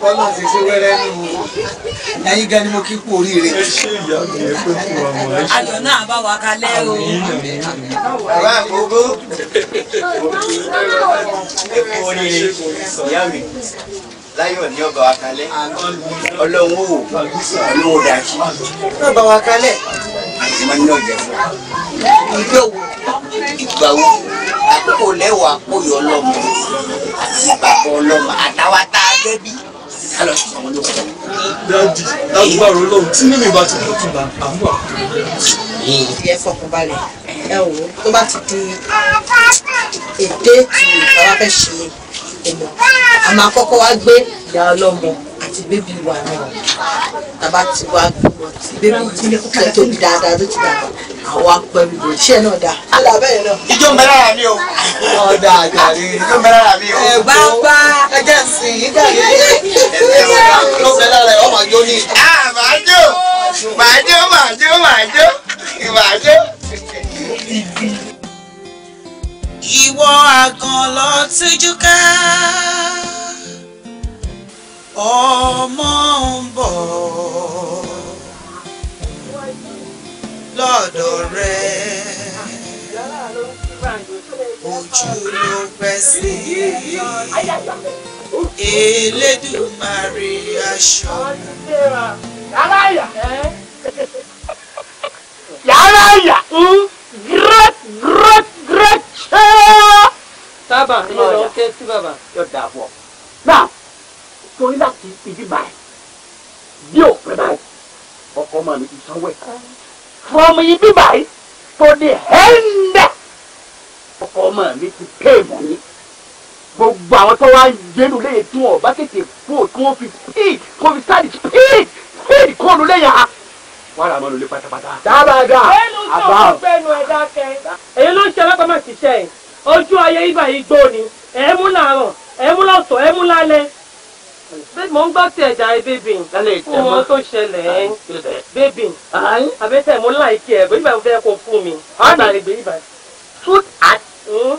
Bọ́lá ti ṣe wẹ́rẹ́ nínú ẹ̀yin gan ni mo kí kú oríire. Ẹ ṣe Ayọ̀ náà bá wa kalẹ̀ o. Bàbá àgbógbó. láyọ̀ ní ọba wa kalẹ̀. Ọlọ́run ó wò. Ọlọ́run ó dà Ọba wa kalẹ̀ ti máa ń ní ọ̀jẹ̀ fún ọ. ìjọ wo ìgbà wo àpò lẹ́wọ̀ àpòyọ̀ ọlọ́mọ àti bàbá ọlọ́mọ àtàwọn tá a gẹ́ bí kálọ̀ sí ọmọ ló kọ́. dájú lágbára ọlọ́run tí mímì bá ti pọ̀ tún bá àmú àkókò. ẹ fọkàn balẹ̀ ẹ wò ó tó bá ti di èdè tí ìgbà wa fẹ́ ṣe èmọ̀ a máa kọ́kọ́ wá gbé ìyá ọlọ́mọ ti bébí wa náà tàbá ti wá gbogbo ti bébí tí kò tóbi dáadáa ló ti dàgbà àwa pẹ̀lú ìbò iṣẹ́ náà dá. ọ̀dà bẹ́ẹ̀ náà. ìjọ ń bẹ lára mi o. ọ̀dà àjàre ìjọ ń bẹ lára mi o. ẹ bá bá ẹjẹ sìn yín dàgbé. ìjọ ń bẹ lára ẹ ọmọ àjọ ní. a ah, máa jó máa jó máa jó máa jó máa jó. ìwọ àgàn lọ ká ọmọ ń bọ̀ lọ́dọ̀ rẹ ojú ló pẹ́ sí Elédùmarè aṣọ. yàrá yà yàrá hmm? great great great. tábà ń lọ kẹ́ sí bàbá yóò dà bọ̀. náà torí láti ibi báyìí bí ò pẹ́ báyìí ọkọ ọmọ mi ti sanwó ẹ̀ from ibi báyìí to the end ọkọ ọmọ mi ti pé mọ́ mi gbogbo àwọn tó wá ń yélu lẹ́yìn tí wọn bá tètè kú kí wọ́n fi speed kí wọ́n fi sáré speed speed kọ́ ló lẹ́yìn a. wàrà àmọ́ ló lé pátápátá. dáadáa àbá o. èyí ló ń ṣe alápámọ̀ ṣiṣẹ́ ẹ̀ ojú ayé ibà yìí gbó ni ẹ̀ mú làárọ̀ ẹ̀ mú lọ́sọ̀ ẹ̀ mú lálẹ́ bẹ́ẹ̀ mo ń gbọ́ tí ẹja rẹ bébì fún wọn tó ṣẹlẹ̀ bébì àbẹ́tẹ̀ mo láìkí ẹ̀ bóyá mo fẹ́ kó fún mi látàrí gbé ibà. tooth at hmm?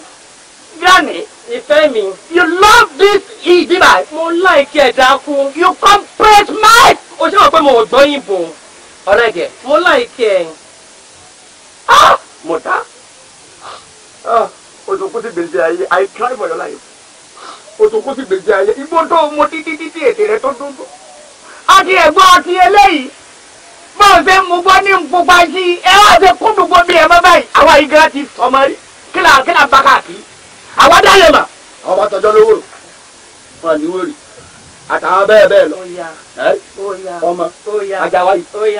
yanni. ìfẹ́ mi. you love this idiba. mo láìkí ẹ̀ dákú. you complete my. o ṣe wọ pé mo gbọ́ yìnbó ọ̀rẹ́gẹ̀. mo láìkí ẹ̀. Ah! mo dá. Ah! olùkú ti bèrè ayé i cry for your life òtòkó sì gbèjì ayé igbó tó mo títí títí ètè rẹ tó dún tó. àti ẹ̀gbọ́n àti eléyìí bó o ṣe ń mú gbọ́ ní gbogbo ají ẹ wá ṣe kúndùn gbòmí ẹ mọ́ báyìí àwa igi ti sọmọ rí kílà kílà bá káàkiri àwa dáyé mà. àwọn bá tọjọ́ lówó rò fún àníwó rì àtàwọn bẹ́ẹ̀ bẹ́ẹ̀ lọ ọmọ ajawayi ajawayi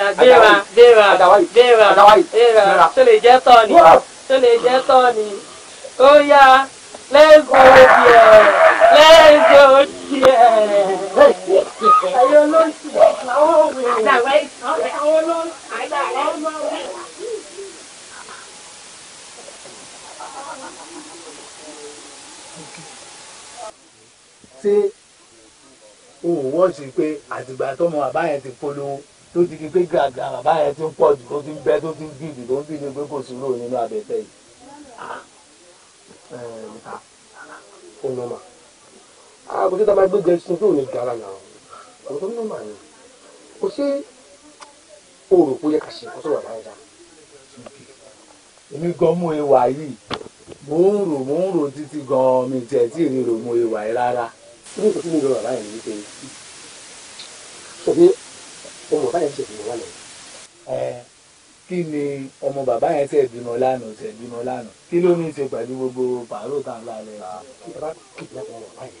ajawayi ajawayi tó lè jẹ́ tọ́ ni tó lè jẹ́ tọ́ ni ó yá. Let's go there. Let's go there. Ayé olóṣù àwọn òwe. Àdàwẹ̀ ìsọ̀rẹ́ àwọn olóṣù. Àdàwẹ̀ ìsọ̀rẹ́. Ṣé o wọ́n ṣe pé àtìgbà tọ́mọ bàbá yẹn ti polówó tó ti di pé gàgà bàbá yẹn ti ń pọ̀ jù tó ti ń bẹ́ tó ti ń bìbì tó ń bì ní pé kò sí lóò nínú abẹ́tẹ̀ yìí. kò sí tábà gbégbé sun tó ní gara náà kò tó nọ́mà ni kò sí òòrò kó yẹ ká ṣe kóso bàbá ẹja. èmi gan mú ìwà yìí mò ń rò mò ń rò títí gan mi tiẹ̀ tí èmi rò mú ìwà yìí rárá. kí ni ìtọ́jú mi lọ bàbá yẹn wípé ṣòfin ọmọ bàbá yẹn ṣe ìbìmọ̀ lánàá. kí ni ọmọ bàbá yẹn tẹ̀ bímọ lánàá tẹ̀ bímọ lánàá kí ló ní í ṣe pẹ̀lú gbogbo pàrọ̀ tá a ń lálẹ́. bàbá kìdìlá kan wà báyìí.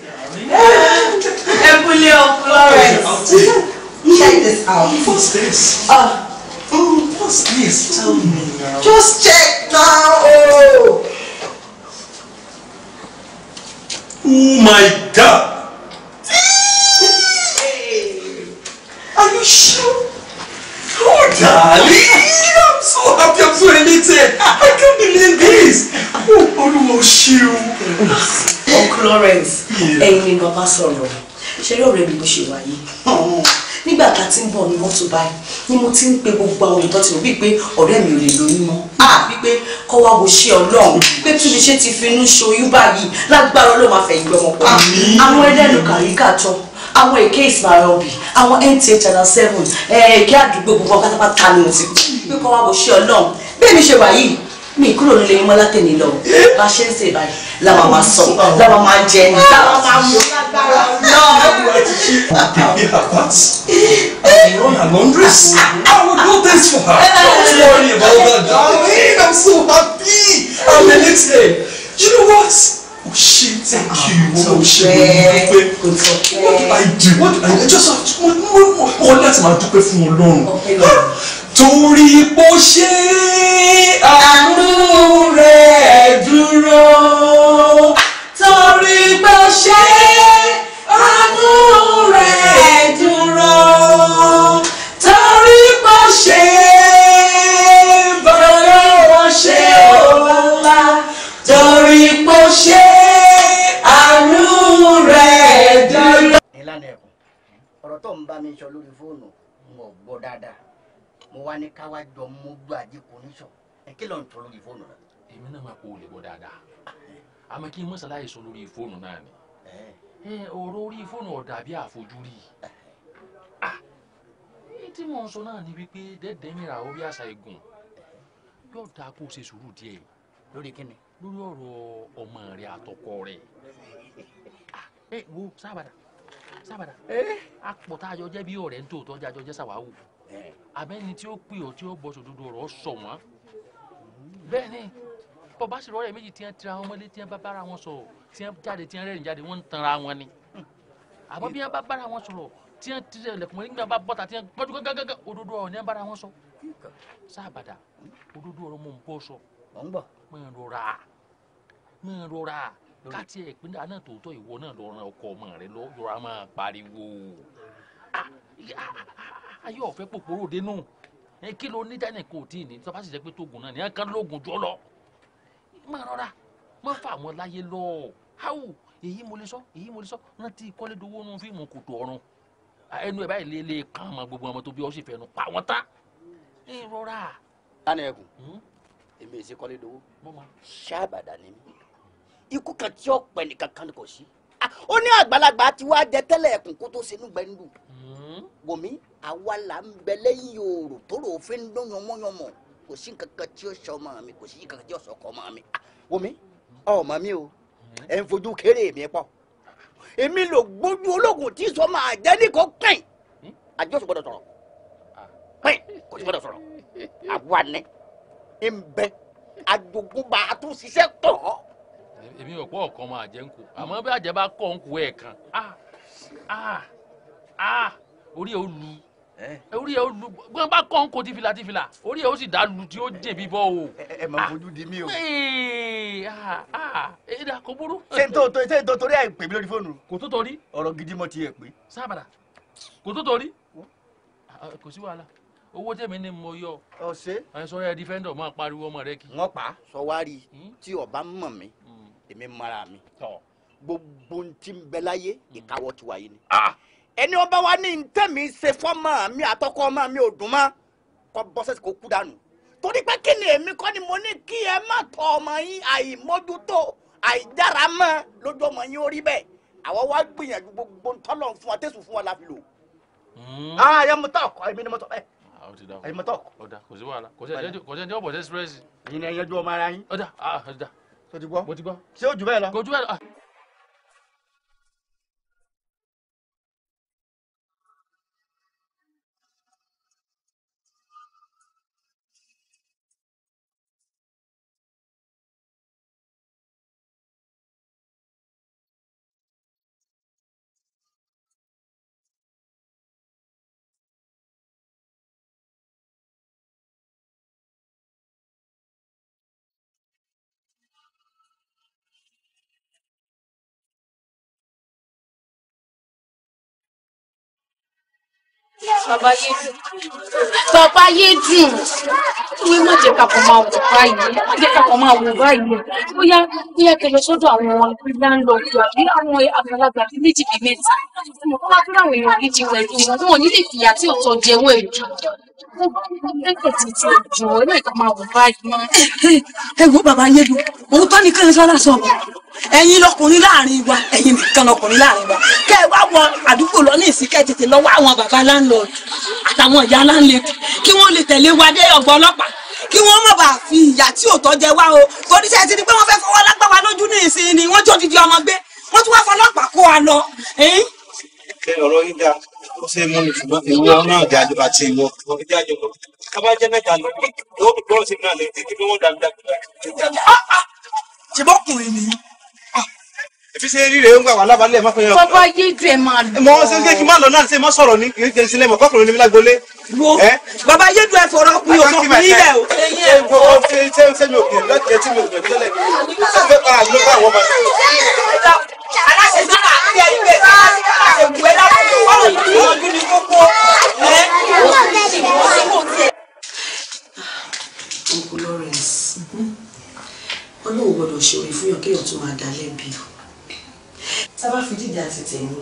Emily of Florence. Check this out. What's this? Uh, mm, what's this? Tell me now. Just check now. Oh, oh my God. Hey. Are you sure? Oh, darling. I'm so happy. I'm so elated. I can't believe this. Oh, Oluwaseun uncle Lawrence ẹ̀yin ni bàbá sọ̀rọ̀ ṣe rí ọ̀rẹ́ mi bó ṣe wáyé nígbà tá a ti ń bọ̀ ní mọ́tò báyìí ni mo ti ń pe gbogbo àwọn ìtọ́ ti rò bíi pé ọ̀rẹ́ mi ò lè lóyún mọ́ wípé kọ́ wá wo ṣé ọlọ́run pé kí ni ṣé ti finú ṣoyún báyìí lágbára ọlọ́run àfẹ̀yìngbẹ́ ọmọkùnrin àwọn ẹlẹ́nu kàríkà jọ àwọn èké ìsìnmáyọ̀bì àwọn nth channel seven èké eh, àdúgbò gbogbo pátápátá ni mo ti pé kọ́ wá wo ṣé ọlọ́run bẹ́ẹ̀ mi ṣe wà yìí mi kúrò nílé yín mọ́ látẹ̀lé lọ bá ṣe ń ṣe báyìí làwọn máa sọ làwọn máa jẹ ní làwọn máa mú lágbára náà. Your laundress. I will do this for her. Don't worry about that, darling. I'm so happy. I'm the next day, you know what? Oh, she, thank you. Oh, she, what did I do? What did I do? Just, what, what, what, what, what, what, what, what, what, what, what, torí bó ṣe àánú rẹ̀ dúró. torí bó ṣe àánú rẹ̀ dúró. torí bó ṣe bọ̀rọ̀ wọn ṣe ọ̀la. torí bó ṣe àánú rẹ̀ dúró. ìlànà ẹ̀kọ́ ọ̀rọ̀ tó ń bá mi sọ lórí fóònù mo gbọ́ dáadáa mo wá ní ká wá jọ mú gbọ́ àdínkù oníṣọ̀ ẹ kí ló ń tọ́ lórí fóònù rẹ. èmi náà máa kó o lè bọ́ dáadáa àmọ́ kí mọ́sálásí sọ lórí fóònù náà ni ọ̀rọ̀ orí fóònù ọ̀dà bí àfojúrí ah! tí mò ń sọ náà ni wípé dẹ́dẹ́ mìíràn ó bí àṣà ìgùn yóò dáa kó o ṣe sùúrù díẹ̀ lórí kíni lórí ọ̀rọ̀ ọmọ rẹ àtọkọ rẹ ah! ẹ wo sábàdà sábàdà apọ̀tà àjọjẹ́ bí ọ̀rẹ́ ń tòótọ́ jẹ́ àjọjẹ́ sàwáwò abẹ́ni tí ó pè ọ́ tí ó bọ́ sòdodo ọ̀rọ̀ sọ wọ́n bẹ́ẹ̀ ni bọ́ba sì rọ́ọ̀rẹ́ méjì tí tira wọn mọ́lé tí wọ́n bá wọn sọ̀rọ̀ tí jáde tí wọ́n jáde wọ́n ń tanra wọn ni àmọ́ bí wọ́n bá bára wọn sọ̀rọ̀ tí wọ́n ti rẹ̀ nígbà bá bọ́ta tí wọ́n gbọ́dọ̀ òdodo ọ̀rọ̀ ni wọ́n bára wọn sọ sábàdà òdodo ọ̀rọ̀ mò ń bọ́ sọ mò ń rọra mò ń rọra káàtì ẹ̀ ìpínlẹ̀ náà tòótọ́ ìwọ náà lọ́ọ́ ọkọ̀ ọmọ rẹ lọ́ọ́ yọra máa pariwo ah, ayé ọ̀fẹ́ pòpòrò dé nù kí ló ní dání kò tí ì ní tọ́ba sì jẹ́ pé tóògùn náà ní ẹ̀ka lóògùn jọ lọ má rọra má fà wọn láyé lọ háwù èyí mo lè sọ èyí mo lè sọ rántí kọ́lédowó nù fíìmù kòtò ọ̀run ẹnu ẹ̀ báyìí lè kàn án gbogbo ọmọ tó bí ọ sì fẹ́nu pa wọ́n tán ẹ rọra. dání ẹkùn hmm? èmi èsì kọ́lédowó ṣáàbàdà ni mí ikú kan tí ọ̀pẹ nìkan kan kò sí ó ní àgbàlagbà tí wàá jẹ tẹ́lẹ̀ ẹkùn kó tó ṣe nígbẹ́ńdù Mm-hmm. wòmí àwa là ń bẹ lẹ́yìn òòrò tóró òfin ń dún yánmọ́yánmọ́ kò sí kankan tí ó sọ ọmọ mi kò sí kankan tí ó sọ ọkọ ọmọ mi wòmí ọmọ mi o mm-hmm. ẹ ń fojú kéré mi pọ̀ èmi lò gbójú ológun tí sọ máa jẹ́ nìkan pẹ́ẹ́n mm-hmm. àjọ sì gbọ́dọ̀ sọ̀rọ̀ ah. pẹ́ẹ́n kò sì gbọ́dọ̀ sọ̀rọ̀ àwa ni ń bẹ a àtúnṣiṣẹ́ tọ̀ ọ́ èmi ò pọ̀ ọ̀kan máa jẹ́ ń kú àmọ́ bí àjẹ́ bá kọ̀ ń kú ẹ̀ kan ah ah ah orí ẹ ó lu orí ẹ ó lu gbọ́n bá kọ́ ń ko tìfìlà tìfìlà orí ẹ ó sì dá lu tí ó jẹ̀ bíbọ́ o. ẹ máa ah. fojú di mí o. ee da kò burú. ṣé n tó ṣé n tó torí ẹ pè mí lórí fóònù. kò tó torí. ọ̀rọ̀ gidi mo ti ẹ̀ pé. sábàdà kò tó torí. Ah, kò sí wàhálà owó tèmi ni mo yọ. ọ̀sẹ̀. ẹ sọ yẹ dífẹ́ndọ̀ máa pariwo ọmọ rẹ kì. wọ́n pa sọwárì hmm? tí ọba mọ̀ mí hmm. èmi mara mi gbogbo ohun tí ń bẹ láyé ìkáwọ́ tiwa yìí ni. Ah ẹni ọba wa ní ntẹ́mi ṣe fọ́mọ mi àtọkọ ọmọ mi ò dùn mọ́ kọ́ bọ́sẹ̀ kò kú dànù torí pé kí ni èmi kọ́ ni mo ní kí ẹ má tọ ọmọ yín àìmójútó àìjára mọ́ lójú ọmọ yín ó rí bẹ́ẹ̀ àwọn wa gbìyànjú gbogbo ntọ́lọ̀ fún wa tẹ̀sùn fún wa la fi lò. Hmm. Ah, ayé mo tọ̀ ọkọ èmi ni mo tọ̀ ẹ ah, èmi mo tọ̀ ọkọ. ọ̀dà kò sí wàhálà kò sí ẹjọ́ bọ̀dẹ̀ express. yìnyín ẹyẹ ju ọmọ ara yín. ọ̀dà ọ̀dà. tó ti gbọ́. mo ti gbọ́. ṣé o jù bẹ́ẹ̀ lọ. kò jù bẹ́ẹ̀ lọ. Ah. bàbá yé dùn bàbá yé dùn wí má jẹ́ ká kọ máa wò báyìí má jẹ́ ká kọ máa wò báyìí bóyá bóyá kẹlẹ sọ́dọ̀ àwọn láńlọọdù àbí àwọn àgbàlagbà bíi méjì bíi mẹ́ta mo kọ́ máa fẹ́ràn èèyàn méjì wẹ̀ lù wọn wọn ò ní lè fìyà tí ọ̀tọ̀ jẹ wọ́n èjò ẹ wo bàbá yé dùn òun tó ní kí n sọ́ra sọ ẹ̀yin lọkùnrin láàrin wa ẹ̀yin nìkan lọkùnrin láàrin wa kẹ́ ẹ wá wọ àdúgbò lọ ní ìsìnkẹ tètè lọ wá àwọn bàbá landlord àtàwọn ìyá landlord kí wọ́n lè tẹ̀lé wa dé ọgbà ọlọ́pàá kí wọ́n má bàa fi ìyà tí ò jẹ wá o torí sẹ ti di pé wọ́n fẹ́ fọwọ́ lágbá lójú ní ìsìn ni wọ́n tó didi ọmọ gbé wọ́n tún wá fọlọ́pàá kó wa lọ. ṣe ọ̀rọ̀ yín dáa ó ṣe mú mi ṣùgbọ́n ìwọ náà jẹ́ àjọba ti kí ṣùgbọ́n ah, ah. ọkùnrin nìyí fi ṣe rí rèé ń gbà wà lábàálẹ̀ má fẹ́ yọ. bàbá yé ju ẹ máa lọ. mọ ṣe jẹ́ kí n má lọ náà ṣe má sọ̀rọ̀ ní kì í ṣe sílẹ̀ mọ̀ kọ́kùnrin ní mi lágbolé. wo bàbá yé ju ẹ fọ̀rọ̀ kú yóò sọ fún ilẹ̀ o. se ṣé ṣé se mi ò kì í lọ́jọ́ tí mi o gbẹ̀bí tẹ́lẹ̀ mi ṣé fẹ́ pa àlọ́ bá àwọn ọmọ Uncle Lawrence, ọlọ́run gbọ́dọ̀ ṣe orí fún yàn kéèyàn tó máa dá lẹ́bi o sábà fi jíjà ti tèmi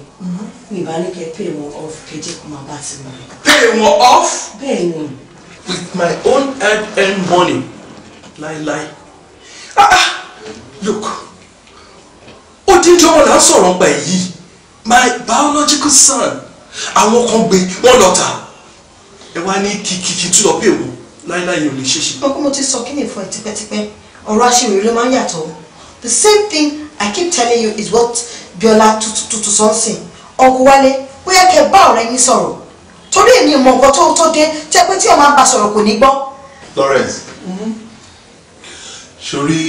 ní kẹ pay wọn off kẹjẹ kó máa bá ti mọ. pay wọn off. bẹ́ẹ̀ ni. with my own hard earned money láéláé ah ah look ó dín jọmọ là ń sọ̀rọ̀ pa èyí my biological son àwọn kan gbé wọn lọ tà ẹ wá ní kìkìkì tún lọ pay wọn láéláé ò lè ṣe ṣe. ọkọ mo ti sọ kí ni ìfọ ẹ tipẹ́tipẹ́ ọ̀rọ̀ aṣèwèrè ló máa ń yàtọ̀ the same thing I keep telling you is what bíọ́lá tuntun sọ́nsìn ọkọ̀ ó yẹ kẹ́ bá ọ̀rẹ́ yín sọ̀rọ̀ torí èmi mọ̀ nǹkan tó tó dé jẹ́ pé tí o máa ń kò ní gbọ́. Lawrence mm-hmm. sórí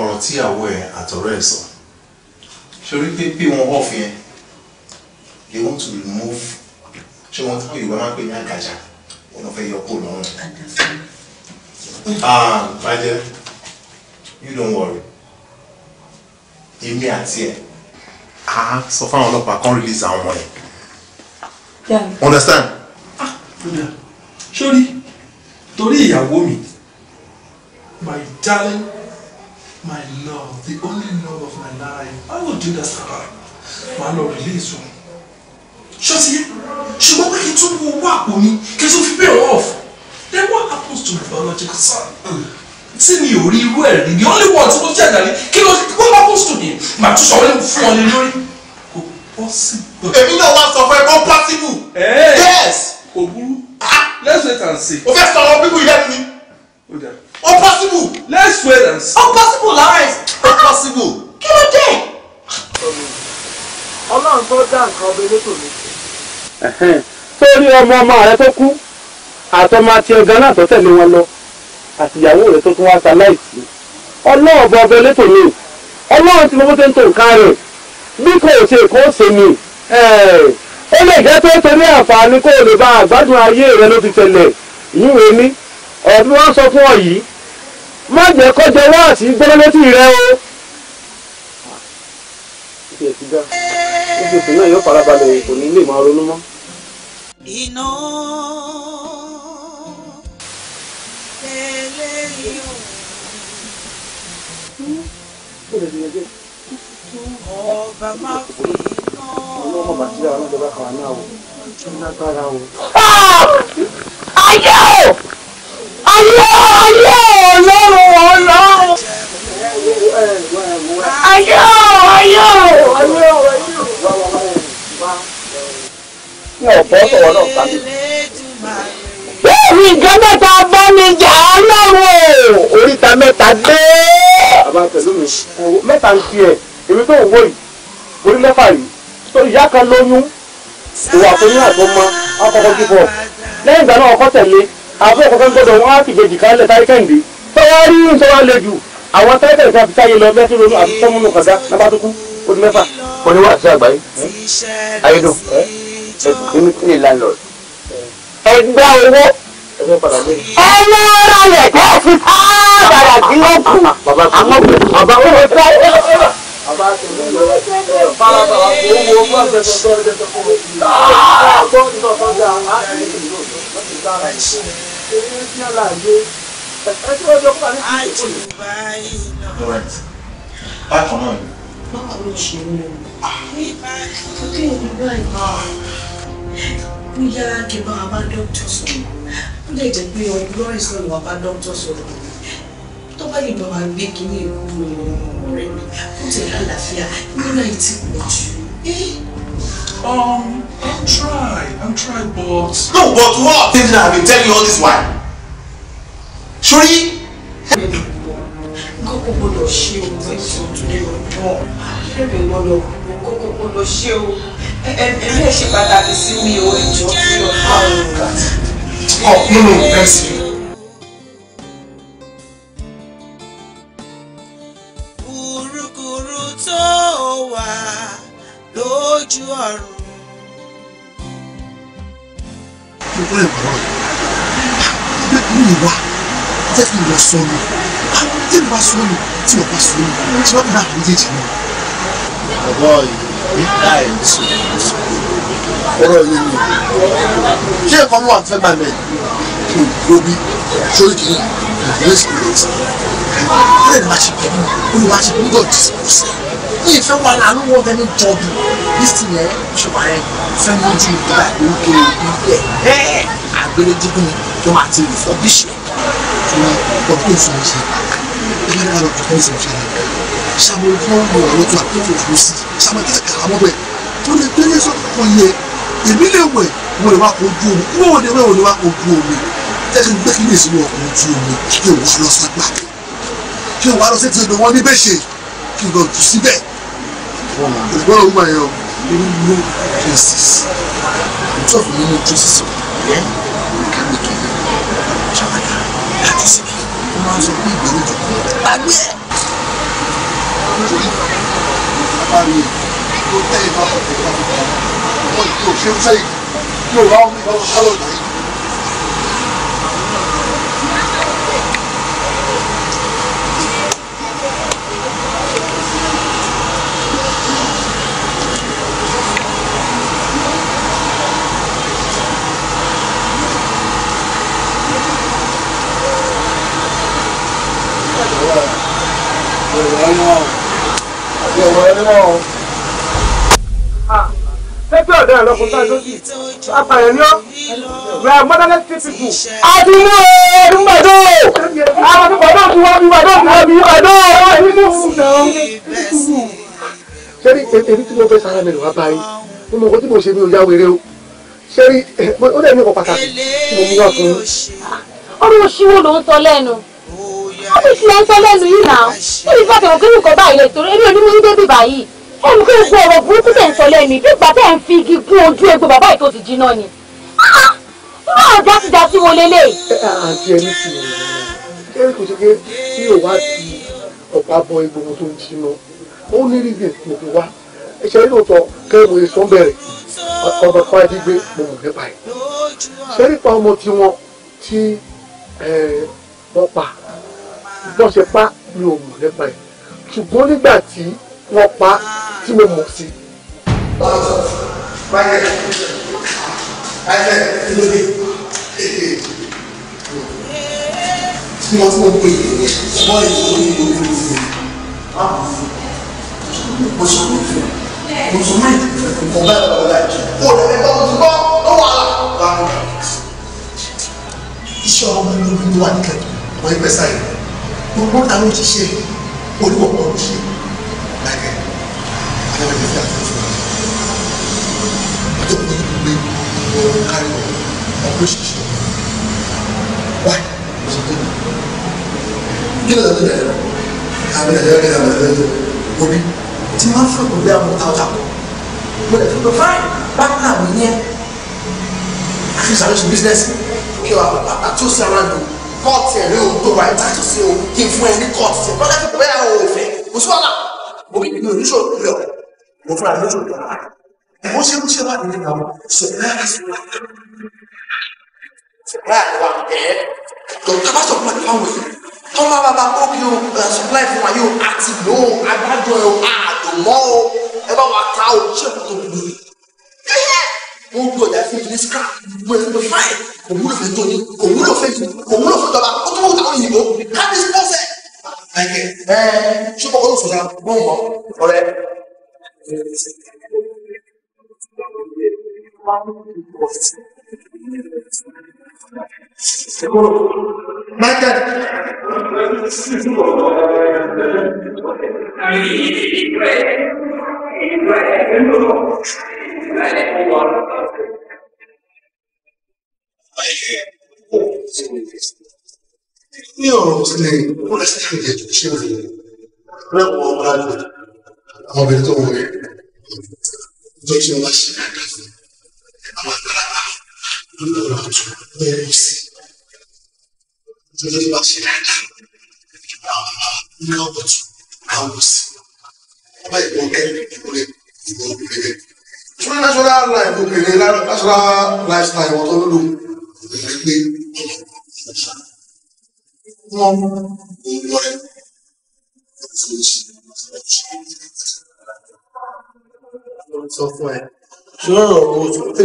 ọ̀rọ̀ tí àwọ̀ ẹ̀ àtọ̀rọ̀ ẹ̀ sọ sórí pé bí wọ́n hàn fún yẹn they want to remove ṣé wọ́n táwọn Yorùbá máa ń pè ní àgàjà wọn fẹ́ yọ kó lọ́rùn. ah my you don't worry èmi àti ẹ̀ a sọ fáwọn ọlọ́pàá kan release àwọn ọmọ yẹn understand. Ah, sórí torí ìyàwó mi my darling my love the only love of my life i will do that for her màá lọ release wọn ṣọ́sí ṣùgbọ́n pé kí n tún wo owó àpò mi kí n tún fi pay off then what happens to my biological son. Mm tí mi ò rí irú ẹ̀ rí the only one tí mo jẹ́ ìdàrí kí ló what happens to me màá tún sọ wọlé fún ọ lé lórí kò possible. èmi náà wá sọ fún ẹ kó possible. yes. kò burú ah. let's wait and see. o fẹ́ sọ̀rọ̀ bíbú yẹn ni. ó dà. o possible. let's wait and see. o possible Lawrence. o ah. possible. kí ló dé. ọlọ́run tó dá nǹkan ọbẹ̀ lẹ́tọ̀ọ́ mi. sórí ọmọ ọmọ rẹ tó kú àtọmọ àti ọgá náà tó tẹ̀lé wọn lọ àtìyàwó rẹ̀ tó tún wá ṣaláìsí ọlọ́run bọ ọbẹ̀ létò mi ọlọ́run tí mo tẹ́ ń tó nǹkan rẹ̀ bí kò ṣe kó ṣe mi ó lè jẹ́ pé torí àǹfààní kó o lè bá àgbádùn ayé rẹ ló ti tẹ̀lẹ̀ ìyúwe mi ọ̀rọ̀ bí sọ fún ọ yìí má jẹ́ kọjọ wá sí gbọ́dọ̀ rẹ o. oṣooṣù náà yóò farabalẹ̀ kò ní lè máa ronú mọ́. ọba má fi iná. ọlọ́mọ bàtí àwọn ìjọba kan náà wò ní lágbára o. ayé o ayé o ayé o ọlọ́run ọlọ́run. ayé o ayé o ayé o ayé o. ní ọ̀pọ̀ ọ̀pọ̀ náà sábẹ́ nǹkan mẹ́ta bá mi jà á lọ́wọ́ oríta mẹ́ta dé. bàbá pẹ̀lú mi mẹ́ta ń tiẹ̀ èmi tó ń wò yìí orí mẹ́fà yìí tó ìyá kan lóyún ìwà àtọ́yún àtọ́mọ akọ́kọ́ gíbọ̀ lẹ́yìn ìgbà náà ọkọ tẹ̀lé àbúrò kọ́kọ́ ń wọn á fi gbèjì kálẹ̀ táríkẹ́ǹdé tọ́wọ́ rí ń tọ́wọ́ lè jù àwọn táríkẹ́ǹdé kan fi táyé lọ mẹ́tò lónú àti tọ́múnú kàdá lábá tó kú ó di mẹ́fà. mo ní wàásù àgbáyé ayédùn èmi kí ni landlord. ẹgbẹ́ owó ẹ lọ ra lẹ̀ bẹ́ẹ̀ fi fá padà sí lọ́kù àwọn bàbá wọn lè fẹ́. bákan náà ni. báwo ló ṣe ń lò. kí ni báyìí bóyá kí n bá wa sọ̀rọ̀ ó lè jẹ́ pé ọdún lọ́rẹ̀sì náà wà bá dókítà sọ̀rọ̀ tó bá lè bá gbé kínní ìlú ọ̀rẹ́ mi ó ti rí àlàáfíà nínú àìtí pọ̀ jù. Eh? Um, try, I'm try, but... No, but what? David, I've been telling you all this while. Ṣorí. Kókó gbọ́dọ̀ ṣe ohun ẹ̀sìn òtún ní ọ̀dọ́. Ṣé mi kókó gbọ́dọ̀ ṣe ohun? ẹ̀mí ẹ̀ ṣe pàtàkì sí mi o ìjọ fi ọ̀pá òrùka. ọ̀ oh, nínú bẹ́ẹ̀sì. kùrukùru tó wà lójú ọ̀run. gbogbo ẹ̀ wọ́n gbé mi wá jẹ́ kí n lọ sọnù tí n bá sọnù tí n bá sọnù tí wọ́n fi náà méjèèjì náà. bàbá yìí nígbà ẹ̀ ń sọ ọ̀rọ̀ yìí ni ṣé ẹ̀kọ́ ló wà fẹ́ máa mẹ́ kí o dúró bí sórí kìíní ìdílé spirit ilé ìdí máa ṣe pẹ̀lú olùwà ṣe pẹ̀lú god discourse ní ìfẹ́ wa la ló wọ́n fẹ́ ní jọ́bù lísì yẹn ìṣòwò ayẹ fẹ́ mú ju ìgbà òkè òkè ẹ̀ ẹ́ àgbélẹ̀dẹ́gbẹ̀ ni tó máa ti rí fọ́ bíṣẹ̀ fún ọdún ìfúnṣe ìgbà ìgbà ọdún ìfúnṣe ṣàmọ ojú ọ̀rọ̀ ọ̀rọ̀ tó àpẹẹrẹ òfin sí ṣàmọ ìtàkà àwọn ọmọ tó lè délé sọ́dọ̀ kan yẹ èmi lè wẹ̀ wọ́n lè wá ojú omi wọ́n wọ́n lè wẹ̀ wọ́n lè wá ojú omi jẹ́kí gbé kí ní ìsinmi ọkùnrin ojú omi kí òun fi lọ sápá kí òun wá lọ sí ti wọn ní bẹ́ṣẹ̀ kí nǹkan tù síbẹ̀ ìgbọ́n òun máa yọ inú ló tún sí sí ìtọ́ fún mi ní tún sí sí ẹ́ kábíkì ṣàkàtà láti sí kí wọ́n máa sọ pé ìgbẹ́rù jù kú. a Maria, escutei nossa pergunta. Eu sei que o alma e nosso ọ̀rọ̀ ẹni náà o. Tẹ́gbẹ́ ọ̀dọ́ ẹ̀rọ kò sáré lójú. Apààyàn ni ọ́. We are modern people. Adúmọ̀ Ẹ̀dúnbàdó. Àwọn tó bàdó ti wá bí bàdó ti wá bí bàdó. Ṣé rí èmi tí mo fẹ́ sára mi lò wá báyìí? Mo mọ̀ kó tí mo ṣe mi ò yá wèrè o ṣẹ́rí ó wọ́n sì fi ẹsẹ̀ lẹ́nu yìí náà níbi bá tẹ̀wọ̀n kírun kan báyìí lè torí èmi ò ní mú ní débi báyìí ẹ̀mú kí n kó ọ̀rọ̀ burúkú tẹ̀ ń sọ lẹ́nu bí ìgbà tẹ̀ ń fi igi gún ojú egbò bàbá ètò ti jiná ni. irú àwọn jásíjásí wo lélẹ̀. àǹtí ẹni sì ṣé kò tó gé tí ò wá ti ọ̀pá bọ egbò wọn tó ń jiná ó ní rí ibi ètò òkú wá ẹ̀ṣẹ̀ lóòótọ́ kẹ́hìnmó èso ń bẹ̀rẹ̀ ọba fáadí gbé mo mọ̀ nípa ẹ̀ ṣé nípa ọmọ tiwọn tí wọ́n pa bọ́n ṣe pa mi ò mọ̀ nípa ẹ̀ ṣùgbọ́n nígbà tí wọ́n pa tí mo mọ̀ sí. iṣẹ́ ọmọ mi ló ń wá níkẹ́ wọ́n ẹgbẹ́ sáyẹn gbogbo ta ló ti ṣe olúwọ̀ kan ló ṣe láìpẹ́ adébẹ̀lẹ̀ fi àtúntò ọjọ́ pé gbogbo ọ̀rọ̀ kárí ọ̀rọ̀ ọ̀pọ̀ ìṣẹ̀ṣẹ̀ wá ìṣẹ̀ tó ní. kí ló dé tó dẹ̀ àmì ẹ̀jẹ̀ rẹ̀ àmì ẹ̀jẹ̀ rẹ̀ tí máa ń fẹ́ kó bí àwọn táwọn mo lè fi gbọ́ fáìn pátá mi yẹn àfi ìṣàlùsùn bísíǹnẹ́sì kí wàá àtúnṣe aráàlú kọ́ọ̀tì ẹ̀rí o tó wà ìbá tó o kí n fún ẹ ní kọ́ọ̀tì ṣe lọ́dẹ tó bẹ́ẹ̀ o ò fẹ́ kò sí wàhálà mo bí mi ò ní sọ̀rọ̀ mo fún àlejò rẹ̀ o mo ṣe ń ṣe wà nínú ìgbàmọ̀ tọ́lá bàbá kókì o supply fún wa yóò àti lò ó agbájọ ẹ̀ o àdùnmọ́ o ẹ bá wa ta o ṣé kò tó gbé wọ́n gbé ọjà fún mi scrap mo lè fún fáì òwúlò fẹ́ tóni òwúlò fẹ́ ju òwúlò fẹ́ dọ́ba ó tún wọ́n táwọn yìnbó káàdì spọ́nsẹ̀. Eh, ẹ̀kẹ́ ẹ̀ ṣùgbọ́n olóṣòṣà wọ́n mọ̀ ọ̀rẹ́ Thank you. Mẹ́tẹ̀. Ní ọ̀rọ̀ òsìlẹ̀ ó lórí ọ̀rọ̀ àjò tó àwọn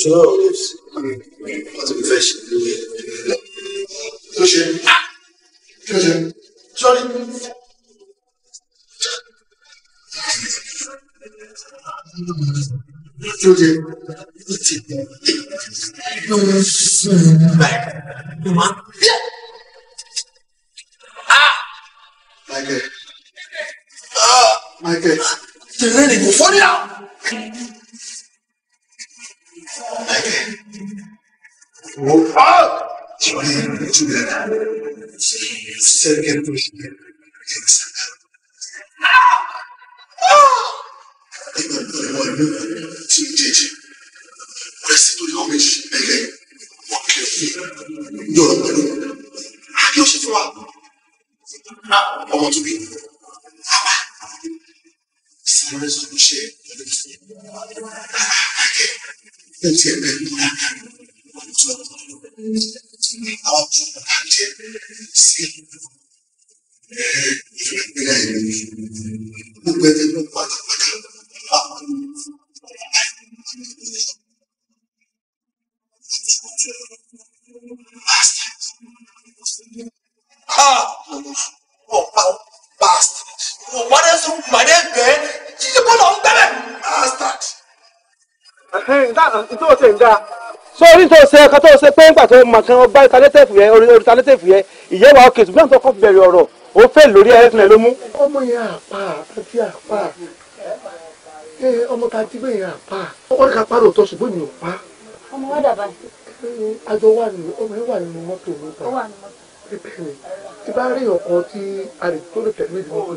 ṣùgbọ́n wọ́n ti fẹ́ ṣe lórí ẹ̀. tó ṣe tó ah! ṣe ah! Michael. Ah, Michael. Tẹ̀lé ni kò fọ́ ní 오, 아! 전인을 준비해라. 세계 도시에 행사다. 아! 아! 이건 너의 원인 진지지. 그리스도의 어미주 내게 wakati 여이 하기오시 좋아. 아, 어머주기. 아마. 사랑의 성취에 여러분이 나아게 ló ti ẹ̀ bẹ́ẹ̀ múra àwọn tó ń bá jẹ sí ìrìnàjò ẹ̀mí gbogbo ẹni ló pátápátá àwọn ọ̀pá bastard ọ̀pá dẹ́sùn màdé gbẹ́ jíjí kọ́ lọ ń gbẹ́bẹ̀ bastard ìtò ṣe ń dáa. so orí tó ṣe ẹ̀ka tó ṣe pé nígbà tó mọ̀ kan ọba ìtàlẹ́tẹ̀fù yẹn orí ìtàlẹ́tẹ̀fù yẹn ìyẹ́ wa òkè ṣùgbọ́n tó kọ́ bẹ̀rẹ̀ ọ̀rọ̀ ó fẹ́ lórí ẹ̀rẹ́fìnà ló mú. ọmọ yẹn àpá àti àpá ọmọ tá a ti gbé yẹn àpá ọmọ ká parọ́ tó ṣùgbọ́n mi ò pa. ọmọ wa dàbà ni. àjọ wà nínú ọmọ yẹn wà nínú mọ́tò mi ta. ó wà nínú mọ́tò. ibà rí ọkọ tí a lè tó lè tẹ̀lé ìdíwọ́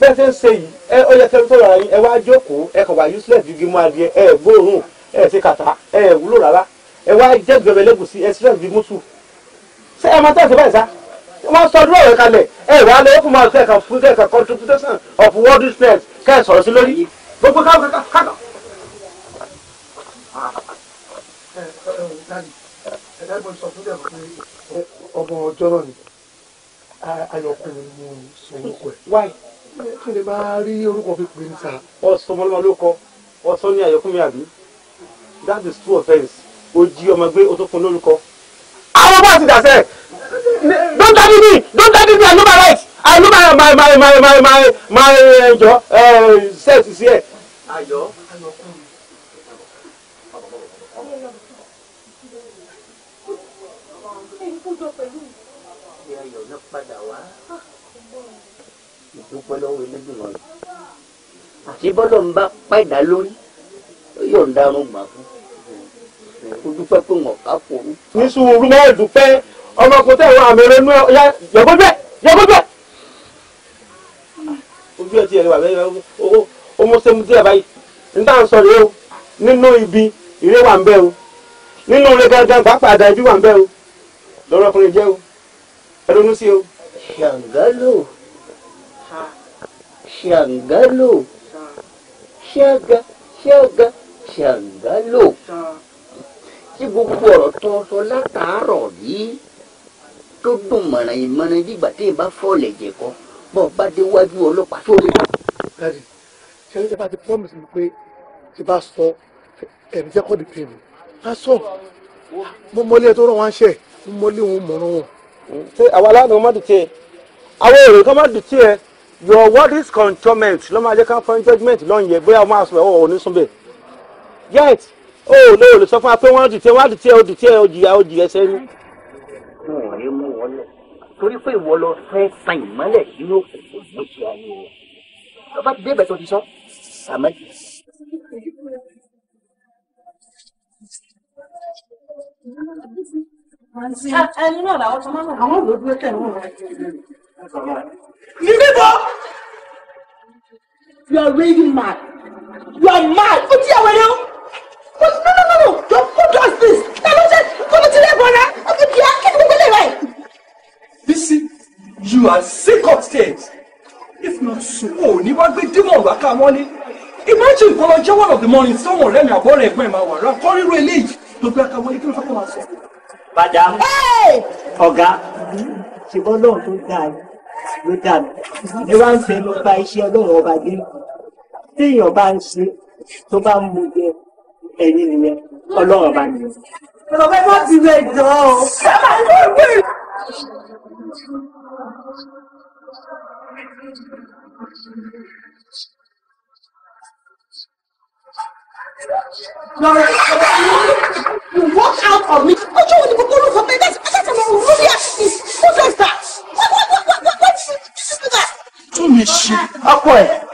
bẹ́ẹ̀ ṣe ń ṣe yìí ẹ ó yẹ kẹ́mi tó rà yín ẹ wá jókòó ẹ kàn wá useless ju gímú adìẹ ẹ gbóòórùn ẹ ṣe kàtà ẹ wúlò rárá ẹ wá jẹ́ gbẹ̀mẹ̀ lẹ́gùsí ẹ stress ju mú tù ṣé ẹ máa tẹ̀sí báyìí sá wọ́n sọ dúró ọ̀rẹ́ kalẹ̀ ẹ wà á lọ ó fún ma kẹ́ẹ̀kan fún kẹ́ẹ̀kan contribution of world business kẹ́ẹ̀ sọ̀rọ̀ sí lórí gbogbo ká ká ká ká. ọmọ ọjọ́ náà ni ayọ̀kùnrin mú un sọ kí ni bá rí orúkọ fi pè ní sà. ọ̀sán ọmọlúwa ló kọ ọ̀sán ní àyọkúnmi àbí that is two offence o ọmọ gbé o lórúkọ. àwọn bá ti don't daddy me don't daddy me i know my right i know my my my my my my my eh, jọ eh, set is here. ayọ̀ ayọ̀kúnmi. pẹ̀lú. Ṣé ayọ̀ náà padà wá? dúpẹ́ lọ́wọ́ elégbèmọ̀ rẹ̀ àti bọ́lọ̀ ń bá pàdá lórí ó yọ̀ǹda arún gbà fún kó dúpẹ́ pé wọ́n ká fòrú. ní sùúrù máa ń dúpẹ́ ọmọkùnrin tẹ̀ wọ́n àmì rẹ̀ nú ọ̀yá yọ̀gbọ́dọ̀ yọ̀gbọ́dọ̀. ojú ẹ̀ tí ẹ̀ lè wà bẹ́ẹ̀ ó mú sẹ́mu díẹ̀ báyìí ní táwọn sọ rèé o nínú ibi ìrè wà ń bẹ o nínú rẹ gangan pàápàá àdá wà ń bẹ o lọ́rọ́kùnrin jẹ́ o ẹ ronú sí o. ṣàǹgálò ṣàǹgálò ṣága ṣága ṣàǹgálò tí gbogbo ọ̀rọ̀ tó sọ látàárọ̀ yìí tó dùn mọ̀ràn ìmọ̀ràn dìgbà tí ì bá fọ́ọ̀lẹ̀ jẹ̀ kọ́ bọ́ bá déwájú ọlọ́pàá tó lè. dadi ṣe ṣe bá ti promise mi pé ti bá sọ ẹ̀mí jẹ́ kọ́ di pè mí bá sọ mo mọlé ẹ tó rán wọn ṣe mo mọlé òun mọ̀ràn wọn. ṣé àwa aláàánú má dùn tí ẹ àwọn èrò kan má dùn tí ẹ your word is contorment ló máa jẹ́ ká fún judgement lọ́hìn yẹn bóyá o máa sọ ẹ̀ ọ̀ oh, ní súnbẹ̀ yet o ò lè olè sọ fún wa pé wọ́n dìtẹ́ wọ́n dìtẹ́ o dìtẹ́ o jìyà o jìyà ẹsẹ̀ ni. wọn ò rí mú wọn lọ torí pé ìwọ lọ fẹ́ tan ìmọ́lẹ̀ sínú òkùnkùn gbèsè ayé wọn lọ bá débẹ̀ tó ti sọ àmọ́. ẹni náà làwọn tó máa ń lọ àwọn ló dúró tẹ̀wọ̀n rẹ̀. Níbí bọ́. You are really mad. You are mad. Ó ti àwọn ẹ̀rọ. But no no no no your food does this. Na ló ṣe kọ́ni ti rẹ̀ bọ̀ra. Ó ti di akéde gbogbo lè This is you are sick upstairs. If not so, oh, you wá gbé dímọ̀ wá ká wọ́n Imagine for jẹ́ one of the morning sọ́wọ́n rẹ̀ mi àbọ̀ rẹ̀ ẹ̀gbọ́n ẹ̀ máa wà rà kọ́ ríro eléyìí gbogbo aka wọlé kí ló fẹ́ kó máa sọ. Bàjá. Ọ̀gá, ṣùgbọ́n lóhùn tó dáa yìí ló dànù ẹ wá ń fẹ́ lọ bá iṣẹ́ ọlọ́run ọba dé téèyàn bá ń ṣe tó bá ń mu jẹ ẹ̀yin nìyẹn ọlọ́run ọba nìyẹn. ìrọ̀lẹ́ má ti rẹ̀ jọ ọ́ you walk out of me. Ojú wo ni gbogbo olùkọ́ bẹ́ẹ̀ bẹ́ẹ̀ sí pátá tí mo rú Who does that? What? What? What? What? What What?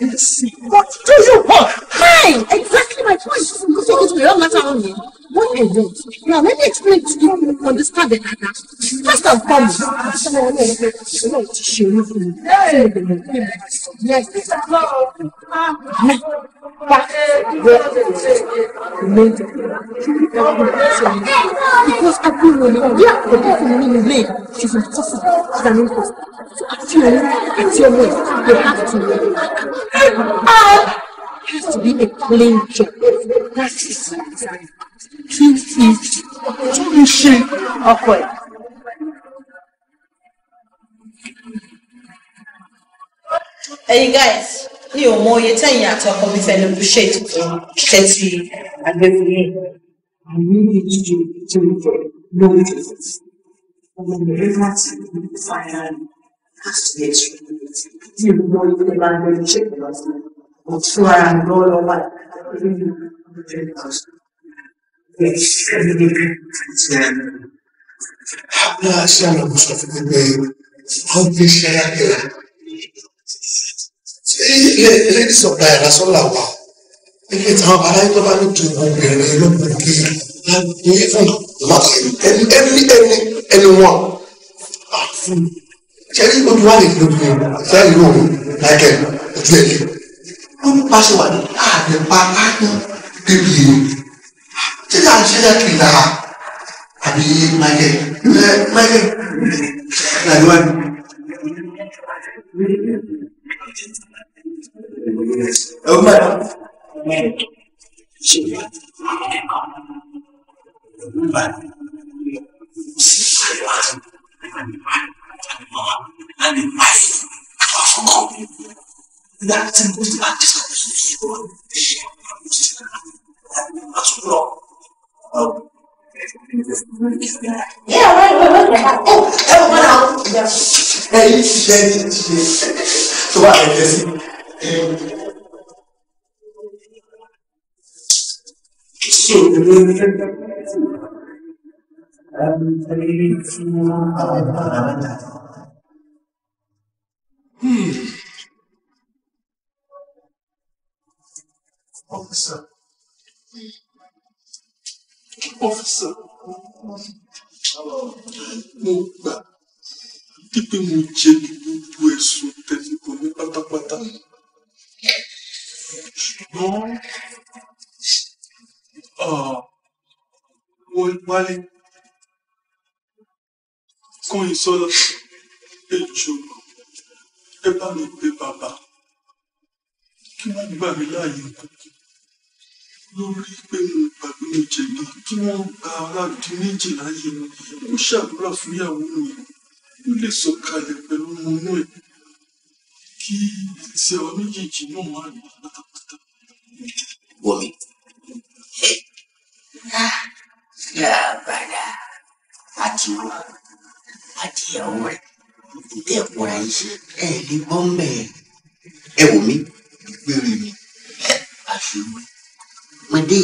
What? do you want? Hi, exactly my point. You take it to your matter only. What want Now let me explain to you understand the other. First and foremost, because I feel really yeah, the person really late. She's impossible. She's an imposter. So I feel it's your way. You have to. It has to be a plain job. That's it tó ń guys mi ò mọ oye tẹ̀yìn àti ọkọ mi fẹ́ẹ́ lóko ṣe ètùtù ṣe ti àgbẹ̀fọ́ yẹn. àmì ìjì tó ń bọ̀ lórí ìfẹ̀sì ọmọ mi rí láti ìlú fàyà rẹ̀ láti lè tún bí ìlú ìlú máa ń lọ ṣe ìlọsí ọ̀tún ara ń lọ́wọ́lọ́wọ́ àti ìlú ìlú ìjọba. Habla hacia la música de Humphrey Shire. Ilé ìsọ̀tà ẹ̀rá sọ́là wà. Ilé ìtàwọn aláìní tó bá ní tu obìnrin lókun kí ní fún ẹni ẹni ẹni wọn. Ṣẹ́rí ojú wa lè fi ojú ìfẹ́ ìlú òun láìkẹ́ ojú ẹ̀lẹ́. Wọ́n ní pàṣẹ wà ní ààrẹ pa áyán débi yìí. 这场现在挺的哈，还比买给买买给来问。呃，买了，买，是，买，是吧？那你买，我靠！那真不是俺这个屁股，我操！ẹ̀yin ti ṣe ẹ̀yin ti ṣe tó bá ẹ̀jẹ̀ sí. Hmm. Officer mo fi sàn mo gbà pípé mo jẹ̀bi gbogbo ẹ̀sùn tẹ̀síkò ní pátápátá ṣùgbọ́n ah, wọ́n wálé kún ìsọ́lọ́ èjò ẹ bá mi pé bàbá kí wọ́n gbà mí láàyè kúkú lórí pé mo gbàgbé oúnjẹ náà kí wọ́n gba aláàbí méjì láàyè ó ṣàdúrà fún ìyàwó mi ó lè sọ̀kalẹ̀ pẹ̀lú ọmọ ẹ̀ kí ìṣe àwọn méjèèjì náà má rí pátápátá. wọ́mi láàbàdà àti wọ́ àti ìyàwó rẹ̀ tẹ́ ẹ̀ pọ̀ra iṣẹ́ ẹ̀ lè gbọ́n ẹ wò mí gbére mi àṣewé mede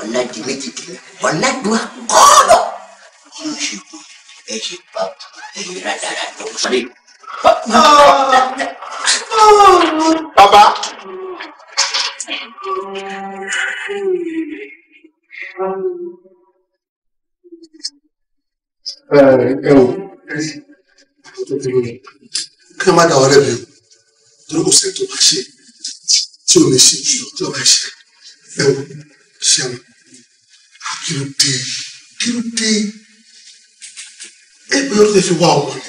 ɔna di meji kele ɔna do akɔɔlɔ ɛyi papu ɛyi radara dɔgɔtɔre. baba. ẹ o kí ló má da ọ̀rẹ́ mi o torí kò sẹ́ni tó bá ṣe tí o lè ṣe ju ọjọ́ bá ṣe ẹ o ṣeun kí ló dé kí ló dé ẹ pé ó lè fi wá ọmọ ni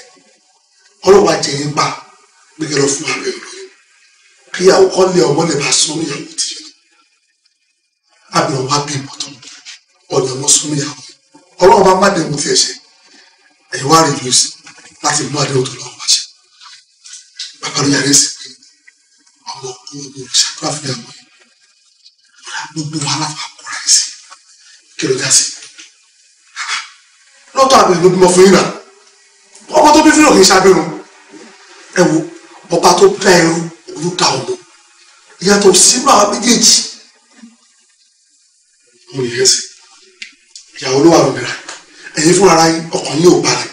ọlọ́wà jẹ yín pa gbẹgẹ o fún ààrẹ ìròyìn kí àwòkọ́ lé ọmọ lè bá sún níyàwó ti yẹn olha o bí ìbọ̀tọ̀ ọ̀nà ọmọ sún níyàwó ọlọ́wà bá má dẹ̀mú tiẹ̀ ṣe ẹ̀yìn wá rí lùsì láti mú àdéhùn tó lọ́wọ́ wáṣẹ bàbá ló yàrá ìsìnkú ọmọ ọkùnrin ọmọ òṣèlú àfihàn wọn gbogbo wa láfa kóra ẹ̀ sí kí ló já sí. lọ́tọ̀ àbẹ̀rẹ̀ ló bímọ fún yín náà ọmọ tó bí fún òkè sábẹ́rún ẹ wo ọba tó dá ẹrú ló dá ọmọ ìyàtọ̀ sínú àwọn méjèèjì mo yẹ ẹsẹ̀ ìyàwó ló wà lóbìnrin ẹ̀yin fúnra ara yín ọkàn yín ò balẹ̀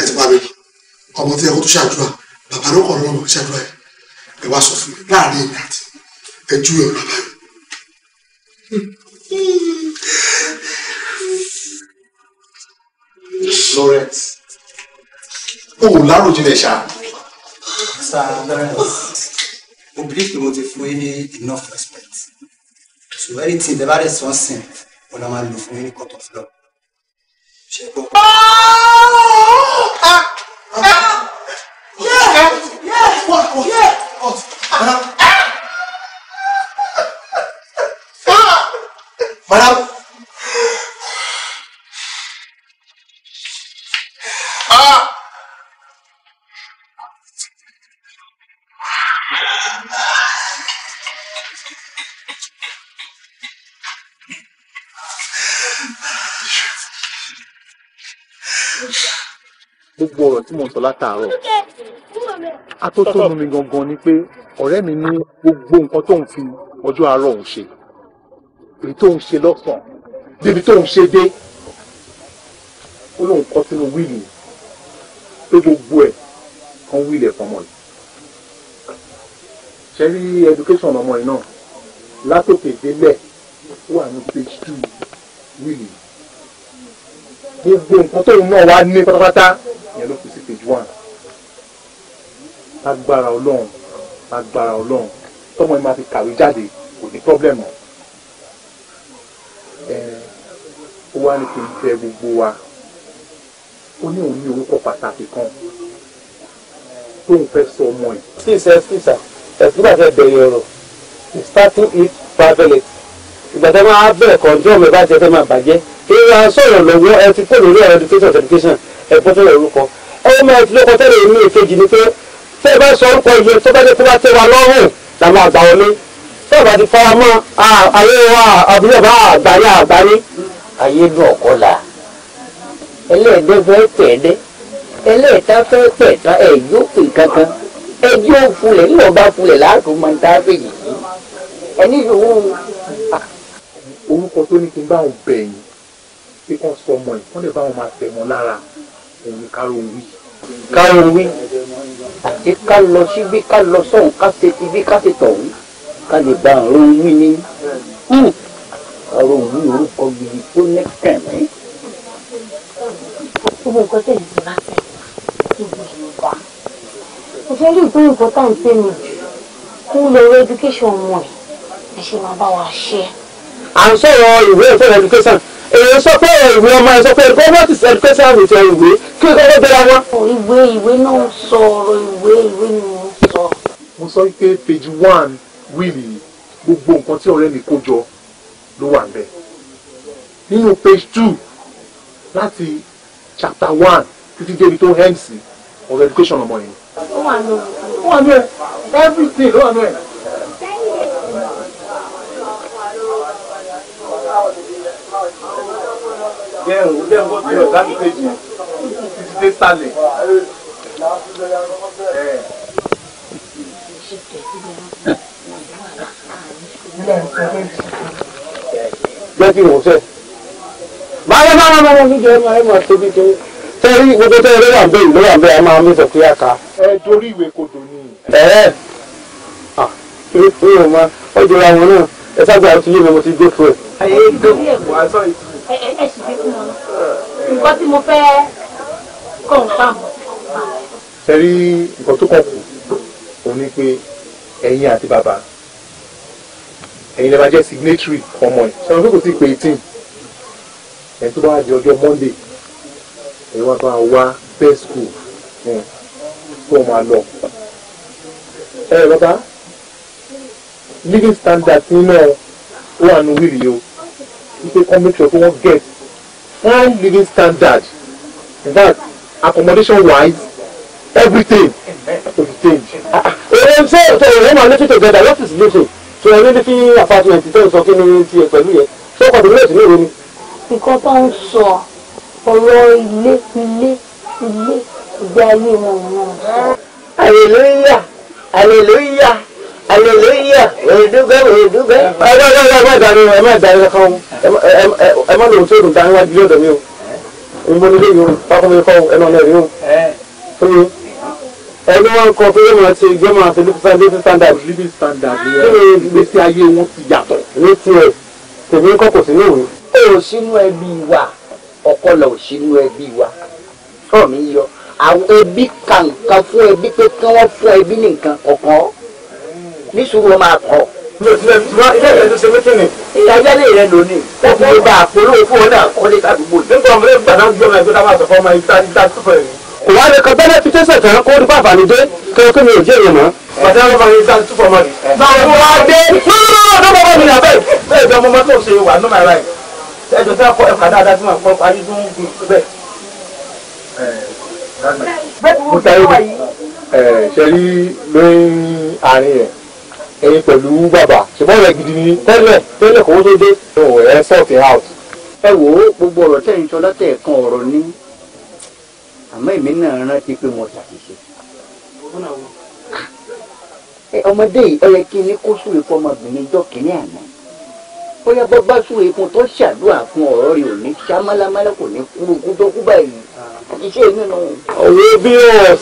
ẹ ti bá mi ọmọ tí ẹ kó tó ṣàdúrà bàbá ló kọ̀ lọ́rùn ṣàdúrà ẹ wá sọ fún mi láàrin ìrìn àti ẹ ju ẹ bàbá mi. o ò láròjinlẹ̀ ṣá. Sir Lawrence mo believe pé mo ti fún yín ní enough respect so anything the body sun sin mo na máa lò fún yín ní court of law ṣe gbọ́. Yeah! Yeah! Yeah! What? Yeah! madam. Ah. gbogbo ọ̀rọ̀ tí mo sọ látàárọ̀ atótónu mi gangan ni pé ọ̀rẹ́ mi ní gbogbo nǹkan tó fi ọjọ́ àárọ̀ òun ṣe èyí tó ń ṣe lọ́sàn-án débi tó ń ṣe dé ó lóun kọ́ sínú wíìlì pé gbogbo ẹ̀ kan wíìlì ẹ̀ fọmọ yìí ṣe rí education ọmọ yìí náà látòkè délẹ̀ wà ní page two wíìlì gbogbo nǹkan tóun náà wá ní pátápátá yẹn ló fi sí page one lágbára ọlọ́run lágbára ọlọ́run tọ́mọ yìí máa fi kàwé jáde kò ní pọ́blẹ́mù. wá ní kí n fẹ́ gbogbo wa ó ní òun ní orúkọ pàtàkì kan tóun fẹ́ sọ ọmọ ẹ̀. sis ẹsísà ẹsísà fẹ́ bẹ̀rẹ̀ ọ̀rọ̀ starting it private ìgbà tẹ́ máa bẹ̀rẹ̀ kọjọ mi bá jẹ fẹ́ máa bàjẹ́ kí n yàrá sọ̀rọ̀ lọ́wọ́ ẹ ti kó lórí ọ̀rọ̀ education education ẹ bọ́ fẹ́rẹ̀ orúkọ ẹ máa fi lóko tẹ́lẹ̀ inú ìkejì ni pé tẹ́ ẹ bá sọ orúkọ iye tó bá jẹ́ kó bá tẹ́ wa lọ́rùn la máa gbà wọlé tẹ́ ẹ bá ti fara mọ́ àyẹ̀wò àbúrò bá àgbáyé àgbáyé ayédùn ọ̀kọ́là ẹlẹ́ẹ̀dẹ́ fẹ́ pẹ̀ẹ́dẹ́ ẹlẹ́ẹ̀ta fẹ́ pẹ̀ẹ́ta ẹ̀yọ́ pè kankan ẹjọ́ òfulẹ̀ ńlọ bá fulẹ̀ láàtò máa ń tá a fè yìí ẹni yòówù. orúkọ tó ní kí n bá wọn bẹ̀ yín pé kàn sọ ọmọ yìí wọ́n lè bá wọn máa tẹ̀ wọn lára òun ni wí. ká wí àti ká lọ síbí ká lọ sọ́hùn ká ṣe tibí ká ṣe tọ̀hún ká lè bá àrùn wí ní ọ̀rọ̀ òun orúkọ gidi tó ní kẹ̀mí. gbogbo nǹkan tẹ̀lé ti bá tẹ̀ gbogbo ìwà mo fẹ́ rí ìpín nǹkan tá à ń pè mí kí n lè wọ education ọmọ ẹ̀ ẹ ṣe máa bá wa ṣe. à ń sọ̀rọ̀ ìwé ìfẹ́ education èyí sọ pé ìwé ọmọ ẹ sọ pé government is education with your ìwé kí o kọ́kọ́ bẹ̀rẹ̀ wọn. ìwé ìwé náà ń sọ ọ̀rọ̀ ìwé ìwé ni mo ń sọ. mo sọ pé page one wíìlì gbogbo nǹkan tí ọ̀rẹ́ mi kó jọ ló wà bẹ́ẹ̀ nínú page two láti chapter one títí débi tó end sí of education ọmọ yẹn. ó wà nù ó wà nù ẹ everything ló wà nù ẹ. bẹ́ẹ̀ o bẹ́ẹ̀ o bẹ́ẹ̀ o láti page yẹn títí dé sálẹ̀. Thank you jẹ́ kí wọ́n fẹ́. báyọ̀ bá wọn wọn níjẹ́ ẹ máa tóbi tó tẹ́rí gbogbo tẹ́rí ló wà bẹ́ẹ̀ ló wà bẹ́ẹ̀ a máa mú ìfẹ́ kúyà ká. ẹ torí ìwé kodò ni. ẹ ẹ ah mi ò mọ ọjọ́ àwọn náà ẹ sábà àti yìí ni mo ti gbé fún ẹ. ẹ ẹ torí ẹ wà sọ yìí. ẹ ẹ sì gbé fún wọn nǹkan tí mo fẹ́ kọ̀ ń pa mọ́. tẹ́rí nǹkan tó kàn kù òun ni pé ẹ̀yin àti bàbá ẹ̀yin lè máa jẹ́ signatory ọmọ ẹ̀ ṣé wọn kò tí ì pé eighteen ẹ̀ tó bá di ọjọ́ monday ẹ̀ wá bá wá best school tó máa lọ. ẹ bàbá living standard nínú ó wà nù wíìlì o wípé come make sure pé wọ́n get fine living standard in fact accommodation wise everything to be changed. èrè ń sọ̀rọ̀ tó ìwé màá létí tó gbẹdà lọ́fíìsì so ẹ rí kí apartment tẹ́ ń sọ kí ni tiẹ̀ pẹ̀lú yẹn ṣé ọkọ̀ tòun náà sì ní ìrònú. nǹkan tó ń sọ ọ̀rọ̀ ilé ilé ilé ìgbé ayé wọn náà. aleluya aleluya aleluya òyìndúgbẹ òyìndúgbẹ. ẹ ẹ ẹ ẹ má dàrú ẹ má dàrú kankan ẹ má lòun tó lòun dání wájú lọ́dọ̀ mi o ìmọ̀ nílé yìí o bákan mi kọ́ ẹ náà náà rí o ẹni wọn kọ pé yóò máa ṣe yóò máa ṣe living standard living standard living standard yẹn kí ni ìgbésí ayé wọn ti yàtọ̀. ní tiẹ̀ tèmi kọ́ kò sínú òun. ó sínú ẹbí wa ọ̀kọ́lọ̀ ò sínú ẹbí wa tọ́ mi yọ àwọn ẹbí ka nǹkan fún ẹbí pé kí wọ́n fún ẹbí ní nǹkan kọ̀ọ̀kan níṣùú wọn máa kọ́. ilé rẹ ló ṣe wípé ni. lónìí láti lè bá àpolówó fún ọ náà kọ́lé tàbí nígbà wọn lè gbàdá gbọmọ ẹgbẹ́ tá a máa sọ fún ọmọ ìta ìta tó fẹ́ rẹ̀ kò wá lè kan tẹ́lẹ̀ fi tẹ́sẹ̀ tán kó rí bàbá mi dé kí ọkọ mi ò jẹ́ èèyàn mọ́. bàtà ló fà yín sáà tún fọmọ rẹ. báwo wá dé nínú bàbá mi làbẹ́ bẹ́ẹ̀ bí ọmọ ọmọ tó ṣe wà nọ́mà ara ẹ̀ ẹjọ́ tí a kọ ẹ̀ka dáadáa tí wọ́n kọ́ parí tó ń gun bẹ́ẹ̀. mo sáré ṣe rí lóyún àárín ẹ̀ ẹ̀yin pẹ̀lú bàbá ṣùgbọ́n rẹ̀ gidi ni tẹ́lẹ̀ tẹ́lẹ̀ kò ó tó dé. ẹ sort it gbogbo ọ̀rọ̀ tẹ̀yìn sọ látẹ̀ẹ̀kan ọ̀rọ̀ ní àmọ́ èmi náà rántí pé mo ṣàṣìṣe. ọmọdé yìí ó yẹ kí n ní kó súre fún ọmọbìnrin jọ kínní àná bóyá bọ́ bá súre fún tó ṣàdúrà fún ọ̀rọ̀ rẹ̀ ò ní ṣá málámálá kò ní kúrú kú tó kú báyìí iṣẹ́ mi nù. ọ̀wé bí ọ̀sán.